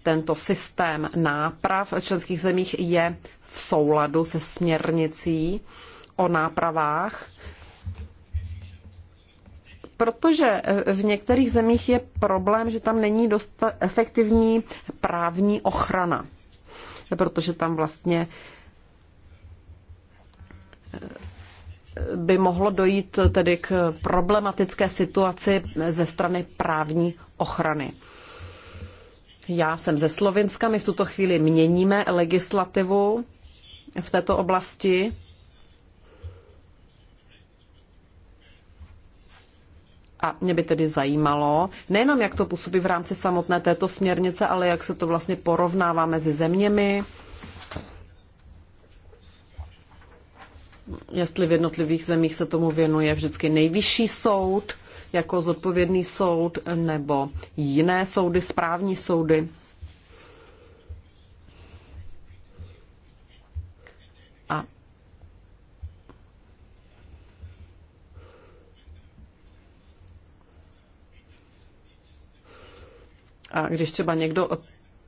tento systém náprav v členských zemích je v souladu se směrnicí o nápravách, protože eh, v některých zemích je problém, že tam není dost efektivní právní ochrana, protože tam vlastně eh, by mohlo dojít tedy k problematické situaci ze strany právní ochrany. Já jsem ze Slovenska, my v tuto chvíli měníme legislativu v této oblasti. A mě by tedy zajímalo, nejenom jak to působí v rámci samotné této směrnice, ale jak se to vlastně porovnává mezi zeměmi, jestli v jednotlivých zemích se tomu věnuje vždycky nejvyšší soud jako zodpovědný soud nebo jiné soudy, správní soudy. A A když třeba někdo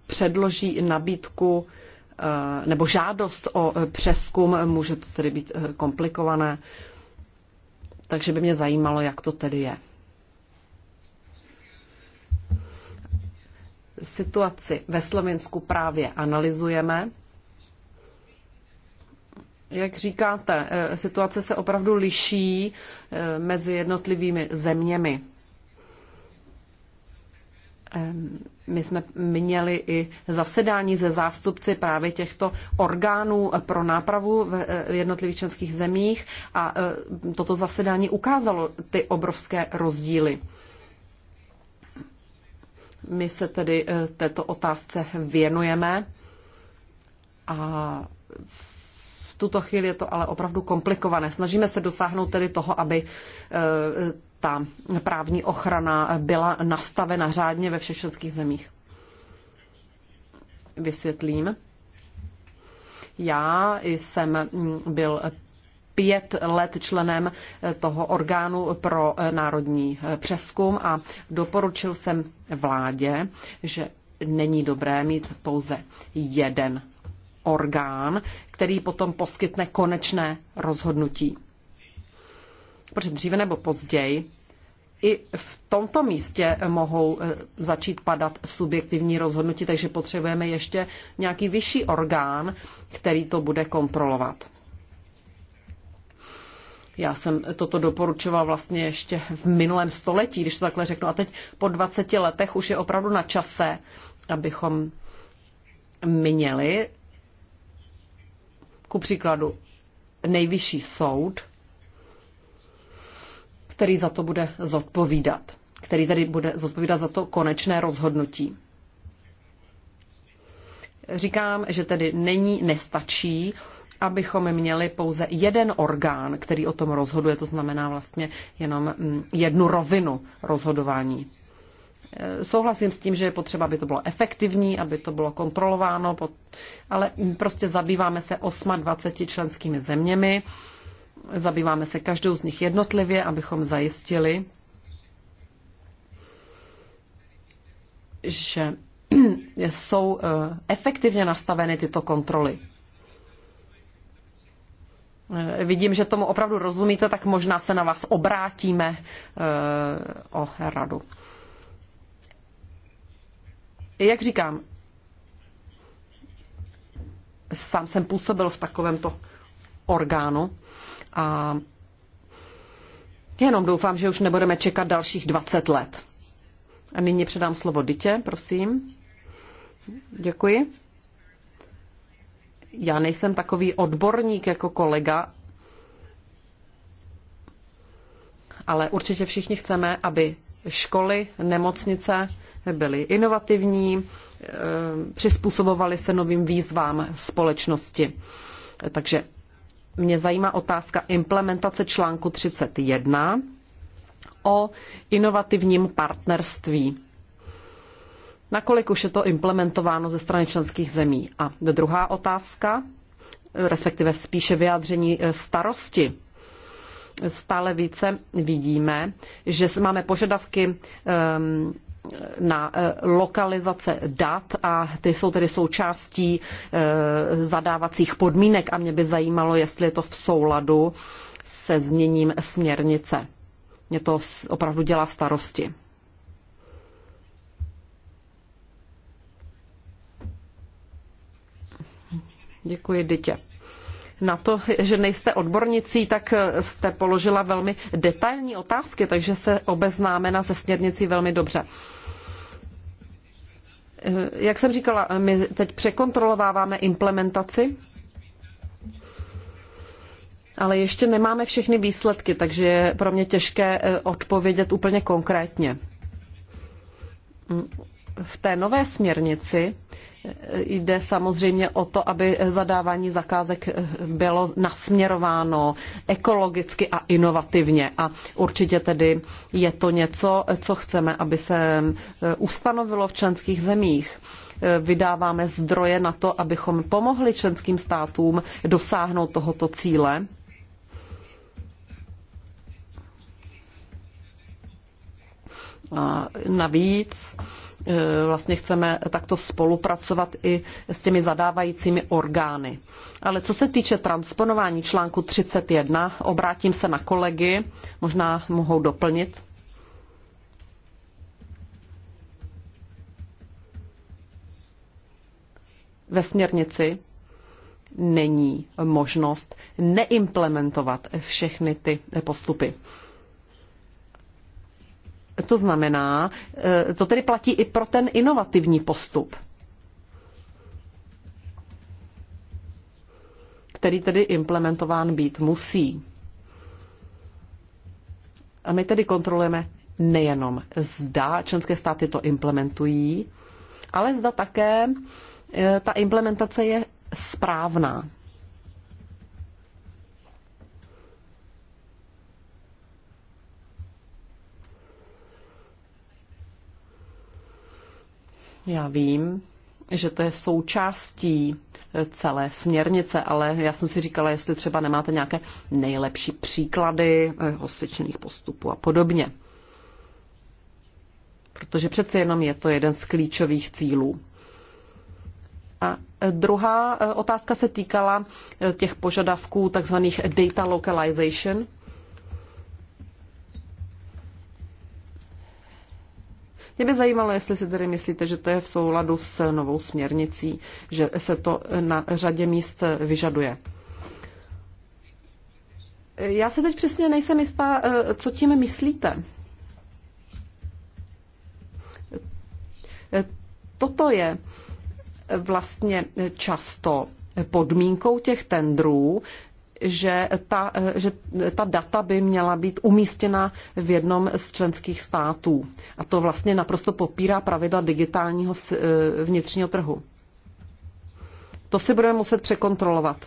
předloží nabídku Eh, nebo žádost o eh, přeskum, může to tedy být eh, komplikované. Takže by mě zajímalo, jak to tedy je. Situaci ve Slovensku právě analyzujeme. Jak říkáte, situace se opravdu liší mezi jednotlivými zeměmi my jsme měli i zasedání ze zástupci právě těchto orgánů pro nápravu v eh, jednotlivých členských zemích a eh, toto zasedání ukázalo ty obrovské rozdíly. My se tedy eh, této otázce věnujeme a v tuto chvíli je to ale opravdu komplikované. Snažíme se dosáhnout tedy toho, aby ta právní ochrana byla nastavena řádně ve všech členských zemích. Vysvětlím. Já jsem byl pět let členem toho orgánu pro národní přeskum a doporučil jsem vládě, že není dobré mít pouze jeden orgán, který potom poskytne konečné rozhodnutí protože dříve nebo později i v tomto místě mohou eh, začít padat subjektivní rozhodnutí, takže potřebujeme ještě nějaký vyšší orgán, který to bude kontrolovat. Já jsem toto doporučoval vlastně ještě v minulém století, když to takhle řeknu. A teď po 20 letech už je opravdu na čase, abychom měli ku příkladu nejvyšší soud, který za to bude zodpovídat, který tedy bude zodpovídat za to konečné rozhodnutí. Říkám, že tedy není, nestačí, abychom měli pouze jeden orgán, který o tom rozhoduje, to znamená vlastně jenom mm, jednu rovinu rozhodování. E, souhlasím s tím, že je potřeba, aby to bylo efektivní, aby to bylo kontrolováno, ale prostě zabýváme se 28 členskými zeměmi Zabýváme se každou z nich jednotlivě, abychom zajistili, že <clears throat> jsou eh, efektivně nastaveny tyto kontroly. Eh, vidím, že tomu opravdu rozumíte, tak možná se na vás obrátíme eh, o radu. Jak říkám, sám jsem působil v takovémto orgánu a jenom doufám, že už nebudeme čekat dalších 20 let. A nyní předám slovo Dytě, prosím. Děkuji. Já nejsem takový odborník jako kolega, ale určitě všichni chceme, aby školy, nemocnice byly inovativní, eh, přizpůsobovaly se novým výzvám společnosti. Takže mě zajímá otázka implementace článku 31 o inovativním partnerství. Nakolik už je to implementováno ze strany členských zemí? A druhá otázka, respektive spíše vyjádření eh, starosti. Stále více vidíme, že máme požadavky um, na eh, lokalizace dat a ty jsou tedy součástí eh, zadávacích podmínek a mě by zajímalo, jestli je to v souladu se změním směrnice. Mě to opravdu dělá starosti. Děkuji, Dytě. Na to, že nejste odbornicí, tak eh, jste položila velmi detailní otázky, takže se obeznámena se směrnicí velmi dobře. Eh, jak jsem říkala, eh, my teď překontrolováváme implementaci, ale ještě nemáme všechny výsledky, takže je pro mě těžké eh, odpovědět úplně konkrétně. Mm, v té nové směrnici Jde samozřejmě o to, aby zadávání zakázek bylo nasměrováno ekologicky a inovativně. A určitě tedy je to něco, co chceme, aby se e, ustanovilo v členských zemích e, vydáváme zdroje na to, abychom pomohli členským státům dosáhnout tohoto cíle. A navíc E, vlastně chceme takto spolupracovat i s těmi zadávajícími orgány. Ale co se týče transponování článku 31, obrátím se na kolegy, možná mohou doplnit. Ve směrnici není možnost neimplementovat všechny ty postupy. To znamená, e, to tedy platí i pro ten inovativní postup, který tedy implementován být musí. A my tedy kontrolujeme nejenom zda členské státy to implementují, ale zda také e, ta implementace je správná. Já vím, že to je součástí eh, celé směrnice, ale já jsem si říkala, jestli třeba nemáte nějaké nejlepší příklady eh, osvědčených postupů a podobně. Protože přece jenom je to jeden z klíčových cílů. A eh, druhá otázka se týkala těch požadavků takzvaných data localization – Mě by zajímalo, jestli si tedy myslíte, že to je v souladu s novou směrnicí, že se to na řadě míst vyžaduje. Já se teď přesně nejsem jistá, eh, co tím myslíte. Eh, toto je eh, vlastně často podmínkou těch tendrů, že ta, eh, že ta data by měla být umístěna v jednom z členských států. A to vlastně naprosto popírá pravidla digitálního eh, vnitřního trhu. To si budeme muset překontrolovat.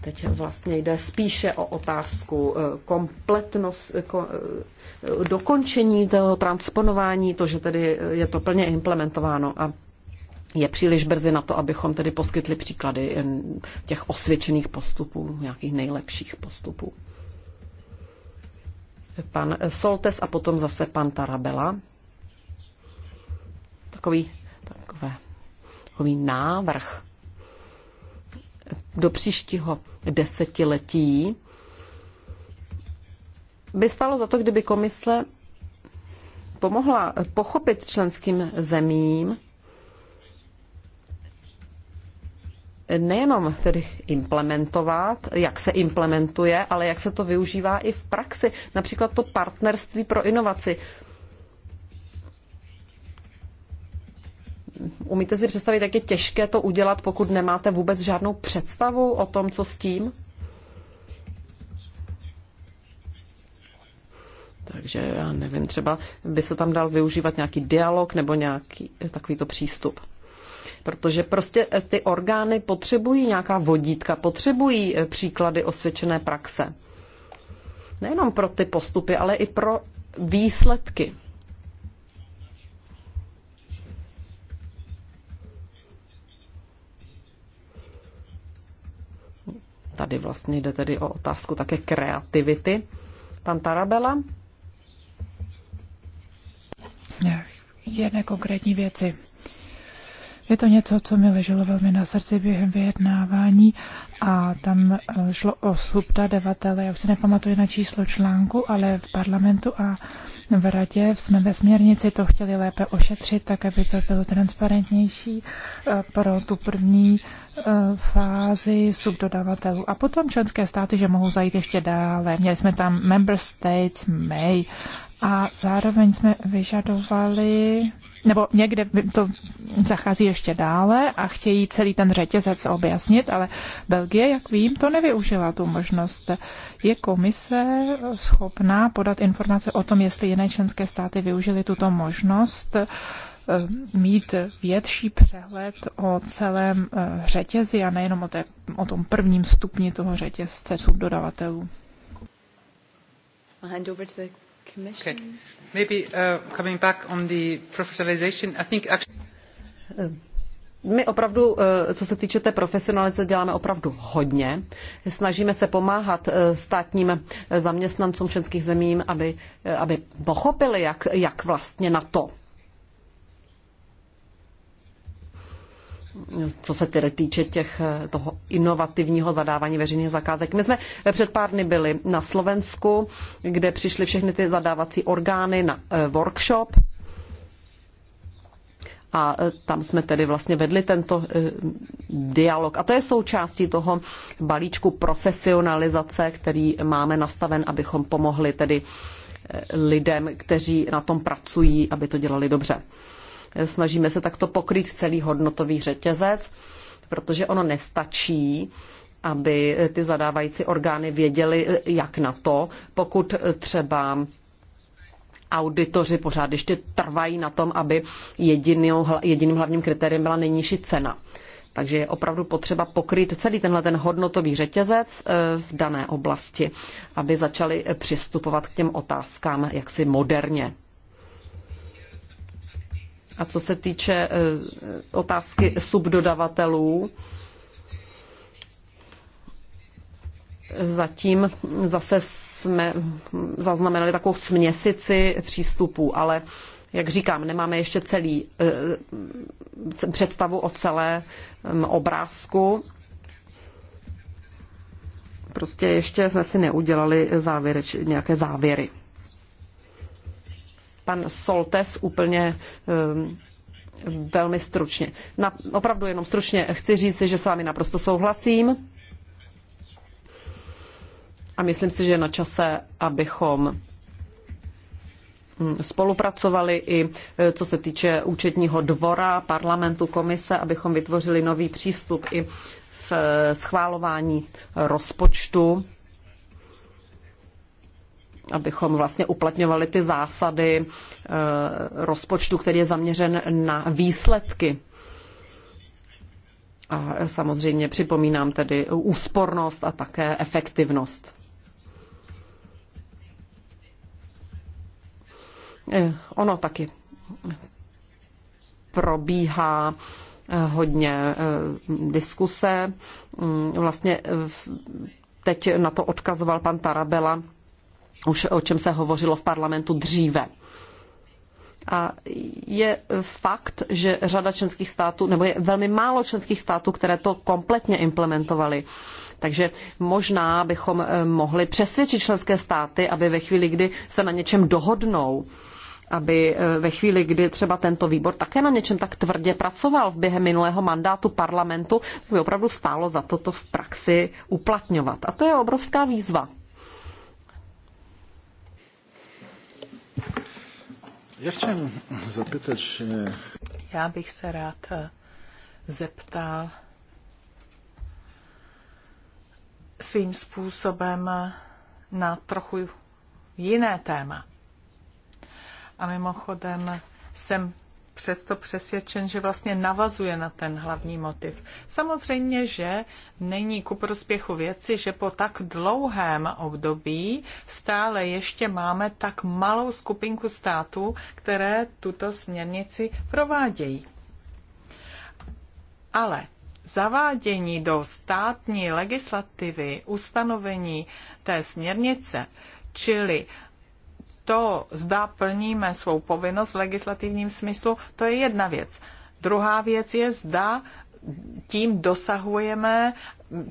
Teď vlastně jde spíše o otázku eh, kompletnost, eh, eh, dokončení toho transponování, to, že tedy je to plně implementováno a je příliš brzy na to, abychom tedy poskytli příklady těch osvědčených postupů, nějakých nejlepších postupů. Pan Soltes a potom zase pan Tarabela. Takový, takové, takový návrh do příštího desetiletí, by stalo za to, kdyby komise pomohla pochopit členským zemím nejenom tedy implementovat, jak se implementuje, ale jak se to využívá i v praxi. Například to partnerství pro inovaci umíte si představit, jak je těžké to udělat, pokud nemáte vůbec žádnou představu o tom, co s tím? Takže já nevím, třeba by se tam dal využívat nějaký dialog nebo nějaký takovýto přístup. Protože prostě eh, ty orgány potřebují nějaká vodítka, potřebují eh, příklady osvědčené praxe. Nejenom pro ty postupy, ale i pro výsledky. Tady vlastně jde tedy o otázku také kreativity. Pan Tarabela? Jedné konkrétní věci. Je to něco, co mi leželo velmi na srdci během vyjednávání a tam eh, šlo o devatele. Já už si nepamatuji na číslo článku, ale v parlamentu a v radě jsme ve směrnici to chtěli lépe ošetřit, tak aby to bylo transparentnější eh, pro tu první eh, fázi subdodavatelů. A potom členské státy, že mohou zajít ještě dále. Měli jsme tam Member States, May a zároveň jsme vyžadovali nebo někde to zachází ještě dále a chtějí celý ten řetězec objasnit, ale Belgie, jak vím, to nevyužila tu možnost. Je komise schopná podat informace o tom, jestli jiné členské státy využily tuto možnost eh, mít větší přehled o celém eh, řetězi a nejenom o, té, o tom prvním stupni toho řetězce subdodavatelů. I'll hand over to the Commission. Okay. Maybe uh, coming back on the professionalization, I think actually... Eh, my opravdu, eh, co se týče té profesionalizace, děláme opravdu hodně. Snažíme se pomáhat eh, státním zaměstnancům členských zemím, aby, aby pochopili, jak, jak vlastně na to. co se tedy týče těch, toho inovativního zadávání veřejných zakázek. My jsme před pár dny byli na Slovensku, kde přišly všechny ty zadávací orgány na eh, workshop a eh, tam jsme tedy vlastně vedli tento eh, dialog. A to je součástí toho balíčku profesionalizace, který máme nastaven, abychom pomohli tedy lidem, kteří na tom pracují, aby to dělali dobře. Snažíme se takto pokrýt celý hodnotový řetězec, protože ono nestačí, aby ty zadávající orgány věděly, jak na to, pokud třeba auditoři pořád ještě trvají na tom, aby jedinou, jediným hlavním kritériem byla nejnižší cena. Takže je opravdu potřeba pokryt celý tenhle ten hodnotový řetězec eh, v dané oblasti, aby začali přistupovat k těm otázkám jaksi moderně. A co se týče eh, otázky subdodavatelů, zatím zase jsme zaznamenali takovou směsici přístupů, ale jak říkám, nemáme ještě celý eh, představu o celé mm, obrázku. Prostě ještě jsme si neudělali závěreč, nějaké závěry pan Soltes úplně ehm, velmi stručně. Na, opravdu jenom stručně chci říct, že s vámi naprosto souhlasím. A myslím si, že je na čase, abychom hm, spolupracovali i e, co se týče účetního dvora, parlamentu, komise, abychom vytvořili nový přístup i v e, schválování rozpočtu abychom vlastně uplatňovali ty zásady eh, rozpočtu, který je zaměřen na výsledky. A samozřejmě připomínám tedy úspornost a také efektivnost. Eh, ono taky probíhá eh, hodně diskuse. Mm, vlastně teď na to odkazoval pan Tarabela už o čem se hovořilo v parlamentu dříve. A je fakt, že řada členských států, nebo je velmi málo členských států, které to kompletně implementovaly. Takže možná bychom eh, mohli přesvědčit členské státy, aby ve chvíli, kdy se na něčem dohodnou, aby eh, ve chvíli, kdy třeba tento výbor také na něčem tak tvrdě pracoval v během minulého mandátu parlamentu, by opravdu stálo za to to v praxi uplatňovat. A to je obrovská výzva. Já chtěl zapytat, že... Já bych se rád eh, zeptal svým způsobem eh, na trochu jiné téma. A mimochodem jsem přesto přesvědčen, že vlastně navazuje na ten hlavní motiv. Samozřejmě, že není ku prospěchu věci, že po tak dlouhém období stále ještě máme tak malou skupinku států, které tuto směrnici provádějí. Ale zavádění do státní legislativy ustanovení té směrnice, čili to, zda plníme svou povinnost v legislativním smyslu, to je jedna věc. Druhá věc je, zda tím dosahujeme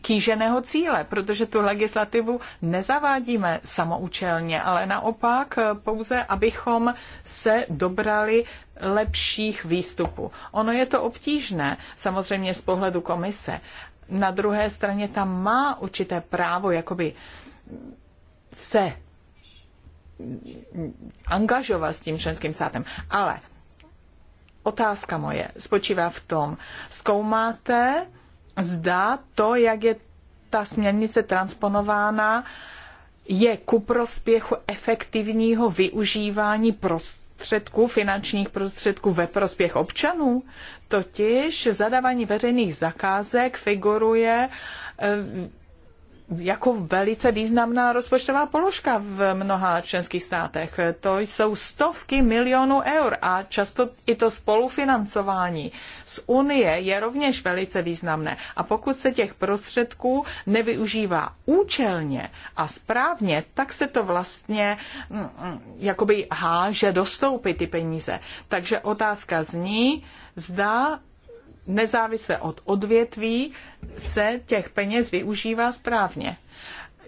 kýženého cíle, protože tu legislativu nezavádíme samoučelně, ale naopak pouze, abychom se dobrali lepších výstupů. Ono je to obtížné, samozřejmě z pohledu komise. Na druhé straně tam má určité právo jakoby se angažovat s tím členským státem. Ale otázka moje spočívá v tom, zkoumáte, zda to, jak je ta směrnice transponována, je ku prospěchu efektivního využívání prostředků, finančních prostředků ve prospěch občanů. Totiž zadávání veřejných zakázek figuruje eh, jako velice významná rozpočtová položka v mnoha členských státech. To jsou stovky milionů eur a často i to spolufinancování z Unie je rovněž velice významné. A pokud se těch prostředků nevyužívá účelně a správně, tak se to vlastně mm, mm, jakoby háže dostoupit ty peníze. Takže otázka zní, zda nezávisle od odvětví, se těch peněz využívá správně.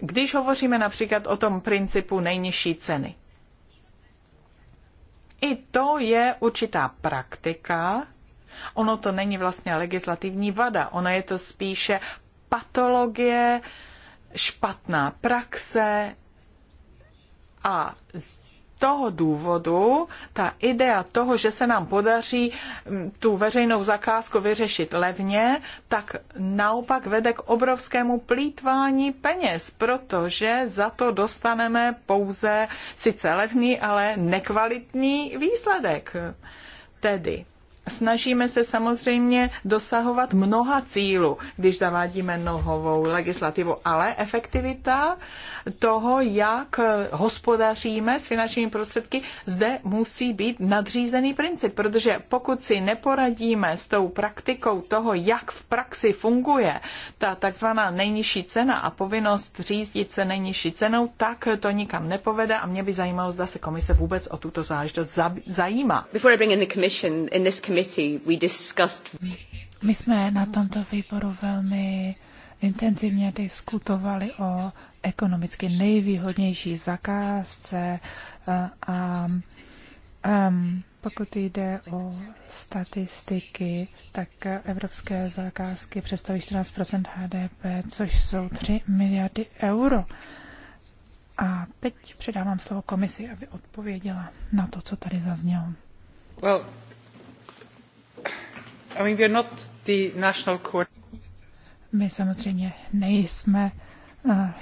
Když hovoříme například o tom principu nejnižší ceny. I to je určitá praktika. Ono to není vlastně legislativní vada, ono je to spíše patologie, špatná praxe a toho důvodu ta idea toho, že se nám podaří mm, tu veřejnou zakázku vyřešit levně, tak naopak vede k obrovskému plítvání peněz, protože za to dostaneme pouze sice levný, ale nekvalitní výsledek. Tedy Snažíme se samozřejmě dosahovat mnoha cílů, když zavádíme nohovou legislativu, ale efektivita toho, jak hospodaříme s finančními prostředky, zde musí být nadřízený princip, protože pokud si neporadíme s tou praktikou toho, jak v praxi funguje ta takzvaná nejnižší cena a povinnost řízdit se nejnižší cenou, tak to nikam nepovede a mě by zajímalo, zda se komise vůbec o tuto záležitost zajímá. Before I bring in the commission, in this commission my jsme na tomto výboru velmi intenzivně diskutovali o ekonomicky nejvýhodnější zakázce a, a um, pokud jde o statistiky, tak evropské zakázky představují 14 HDP, což jsou 3 miliardy euro. A teď předávám slovo komisi, aby odpověděla na to, co tady zaznělo. Well, my samozřejmě nejsme eh,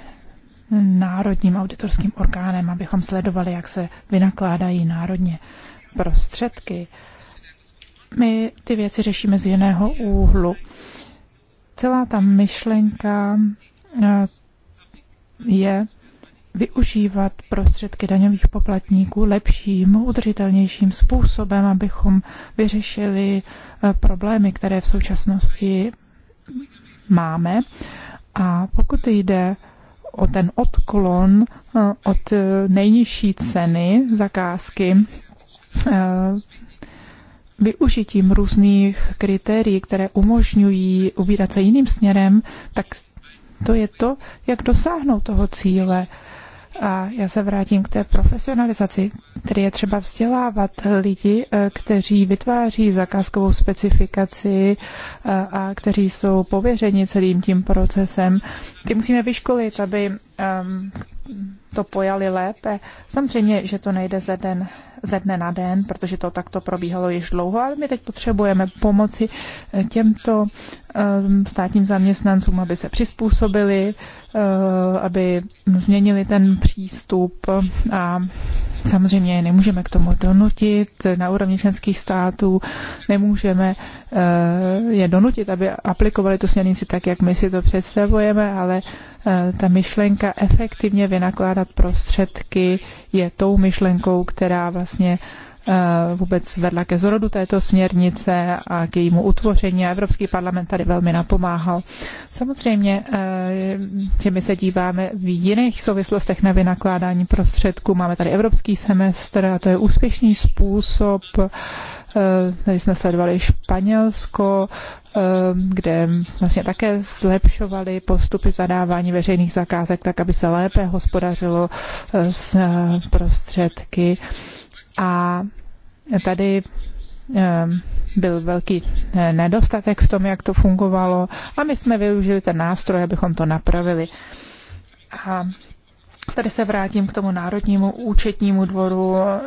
národním auditorským orgánem, abychom sledovali, jak se vynakládají národně prostředky. My ty věci řešíme z jiného úhlu. Celá ta myšlenka eh, je využívat prostředky daňových poplatníků lepším, udržitelnějším způsobem, abychom vyřešili eh, problémy, které v současnosti máme. A pokud jde o ten odklon eh, od nejnižší ceny zakázky, eh, využitím různých kritérií, které umožňují ubírat se jiným směrem, tak to je to, jak dosáhnout toho cíle. A já se vrátím k té profesionalizaci, tedy je třeba vzdělávat lidi, eh, kteří vytváří zakázkovou specifikaci eh, a kteří jsou pověřeni celým tím procesem. Ty musíme vyškolit, aby to pojali lépe. Samozřejmě, že to nejde ze, den, ze dne na den, protože to takto probíhalo již dlouho, ale my teď potřebujeme pomoci těmto státním zaměstnancům, aby se přizpůsobili, eh, aby změnili ten přístup a samozřejmě nemůžeme k tomu donutit na úrovni členských států, nemůžeme eh, je donutit, aby aplikovali tu směrnici tak, jak my si to představujeme, ale Eh, ta myšlenka efektivně vynakládat prostředky je tou myšlenkou, která vlastně Eh, vůbec vedla ke zrodu této směrnice a k jejímu utvoření a Evropský parlament tady velmi napomáhal. Samozřejmě, eh, že my se díváme v jiných souvislostech na vynakládání prostředků. Máme tady Evropský semestr a to je úspěšný způsob. Eh, tady jsme sledovali Španělsko, kde vlastně také zlepšovali postupy zadávání veřejných zakázek tak, aby se lépe hospodařilo s prostředky. A tady ehm, byl velký eh, nedostatek v tom, jak to fungovalo a my jsme využili ten nástroj, abychom to napravili. A Tady se vrátím k tomu národnímu účetnímu dvoru eh,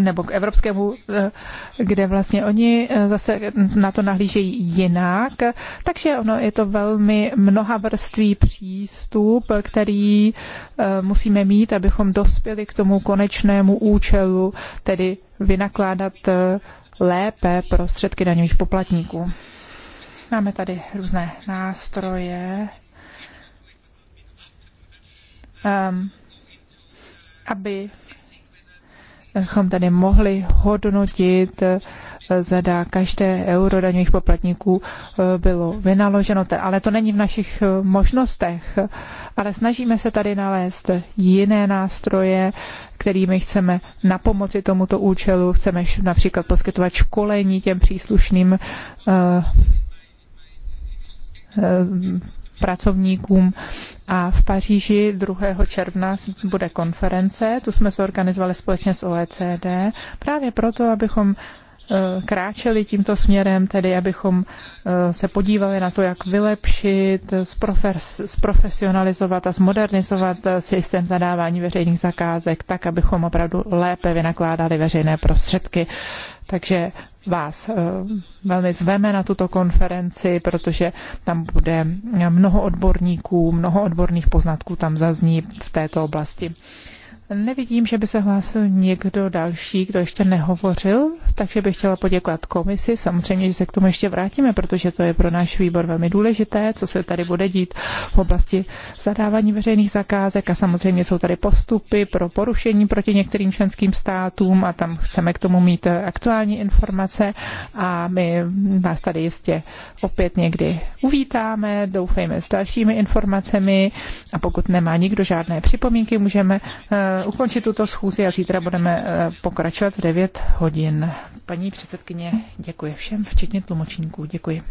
nebo k evropskému, eh, kde vlastně oni eh, zase na to nahlížejí jinak. Takže ono je to velmi mnohavrství přístup, který musíme mít, abychom dospěli k tomu konečnému účelu, tedy vynakládat lépe prostředky daňových poplatníků. Máme tady různé nástroje, Ehm, aby abychom tady mohli hodnotit, eh, zda každé euro daňových poplatníků eh, bylo vynaloženo. Ale to není v našich eh, možnostech. Ale snažíme se tady nalézt jiné nástroje, kterými chceme na pomoci tomuto účelu. Chceme například poskytovat školení těm příslušným pracovníkům a v Paříži 2. června bude konference, tu jsme se organizovali společně s OECD, právě proto, abychom e, kráčeli tímto směrem, tedy abychom e, se podívali na to, jak vylepšit, zprofesionalizovat a zmodernizovat e, systém zadávání veřejných zakázek, tak, abychom opravdu lépe vynakládali veřejné prostředky. Takže vás eh, velmi zveme na tuto konferenci, protože tam bude mnoho odborníků, mnoho odborných poznatků tam zazní v této oblasti. Nevidím, že by se hlásil někdo další, kdo ještě nehovořil, takže bych chtěla poděkovat komisi. Samozřejmě, že se k tomu ještě vrátíme, protože to je pro náš výbor velmi důležité, co se tady bude dít v oblasti zadávání veřejných zakázek a samozřejmě jsou tady postupy pro porušení proti některým členským státům a tam chceme k tomu mít aktuální informace a my vás tady jistě opět někdy uvítáme, doufejme s dalšími informacemi a pokud nemá nikdo žádné připomínky, můžeme eh, ukončit tuto schůzi a zítra budeme eh, pokračovat v 9 hodin. Paní předsedkyně, děkuji všem, včetně tlumočníků. Děkuji.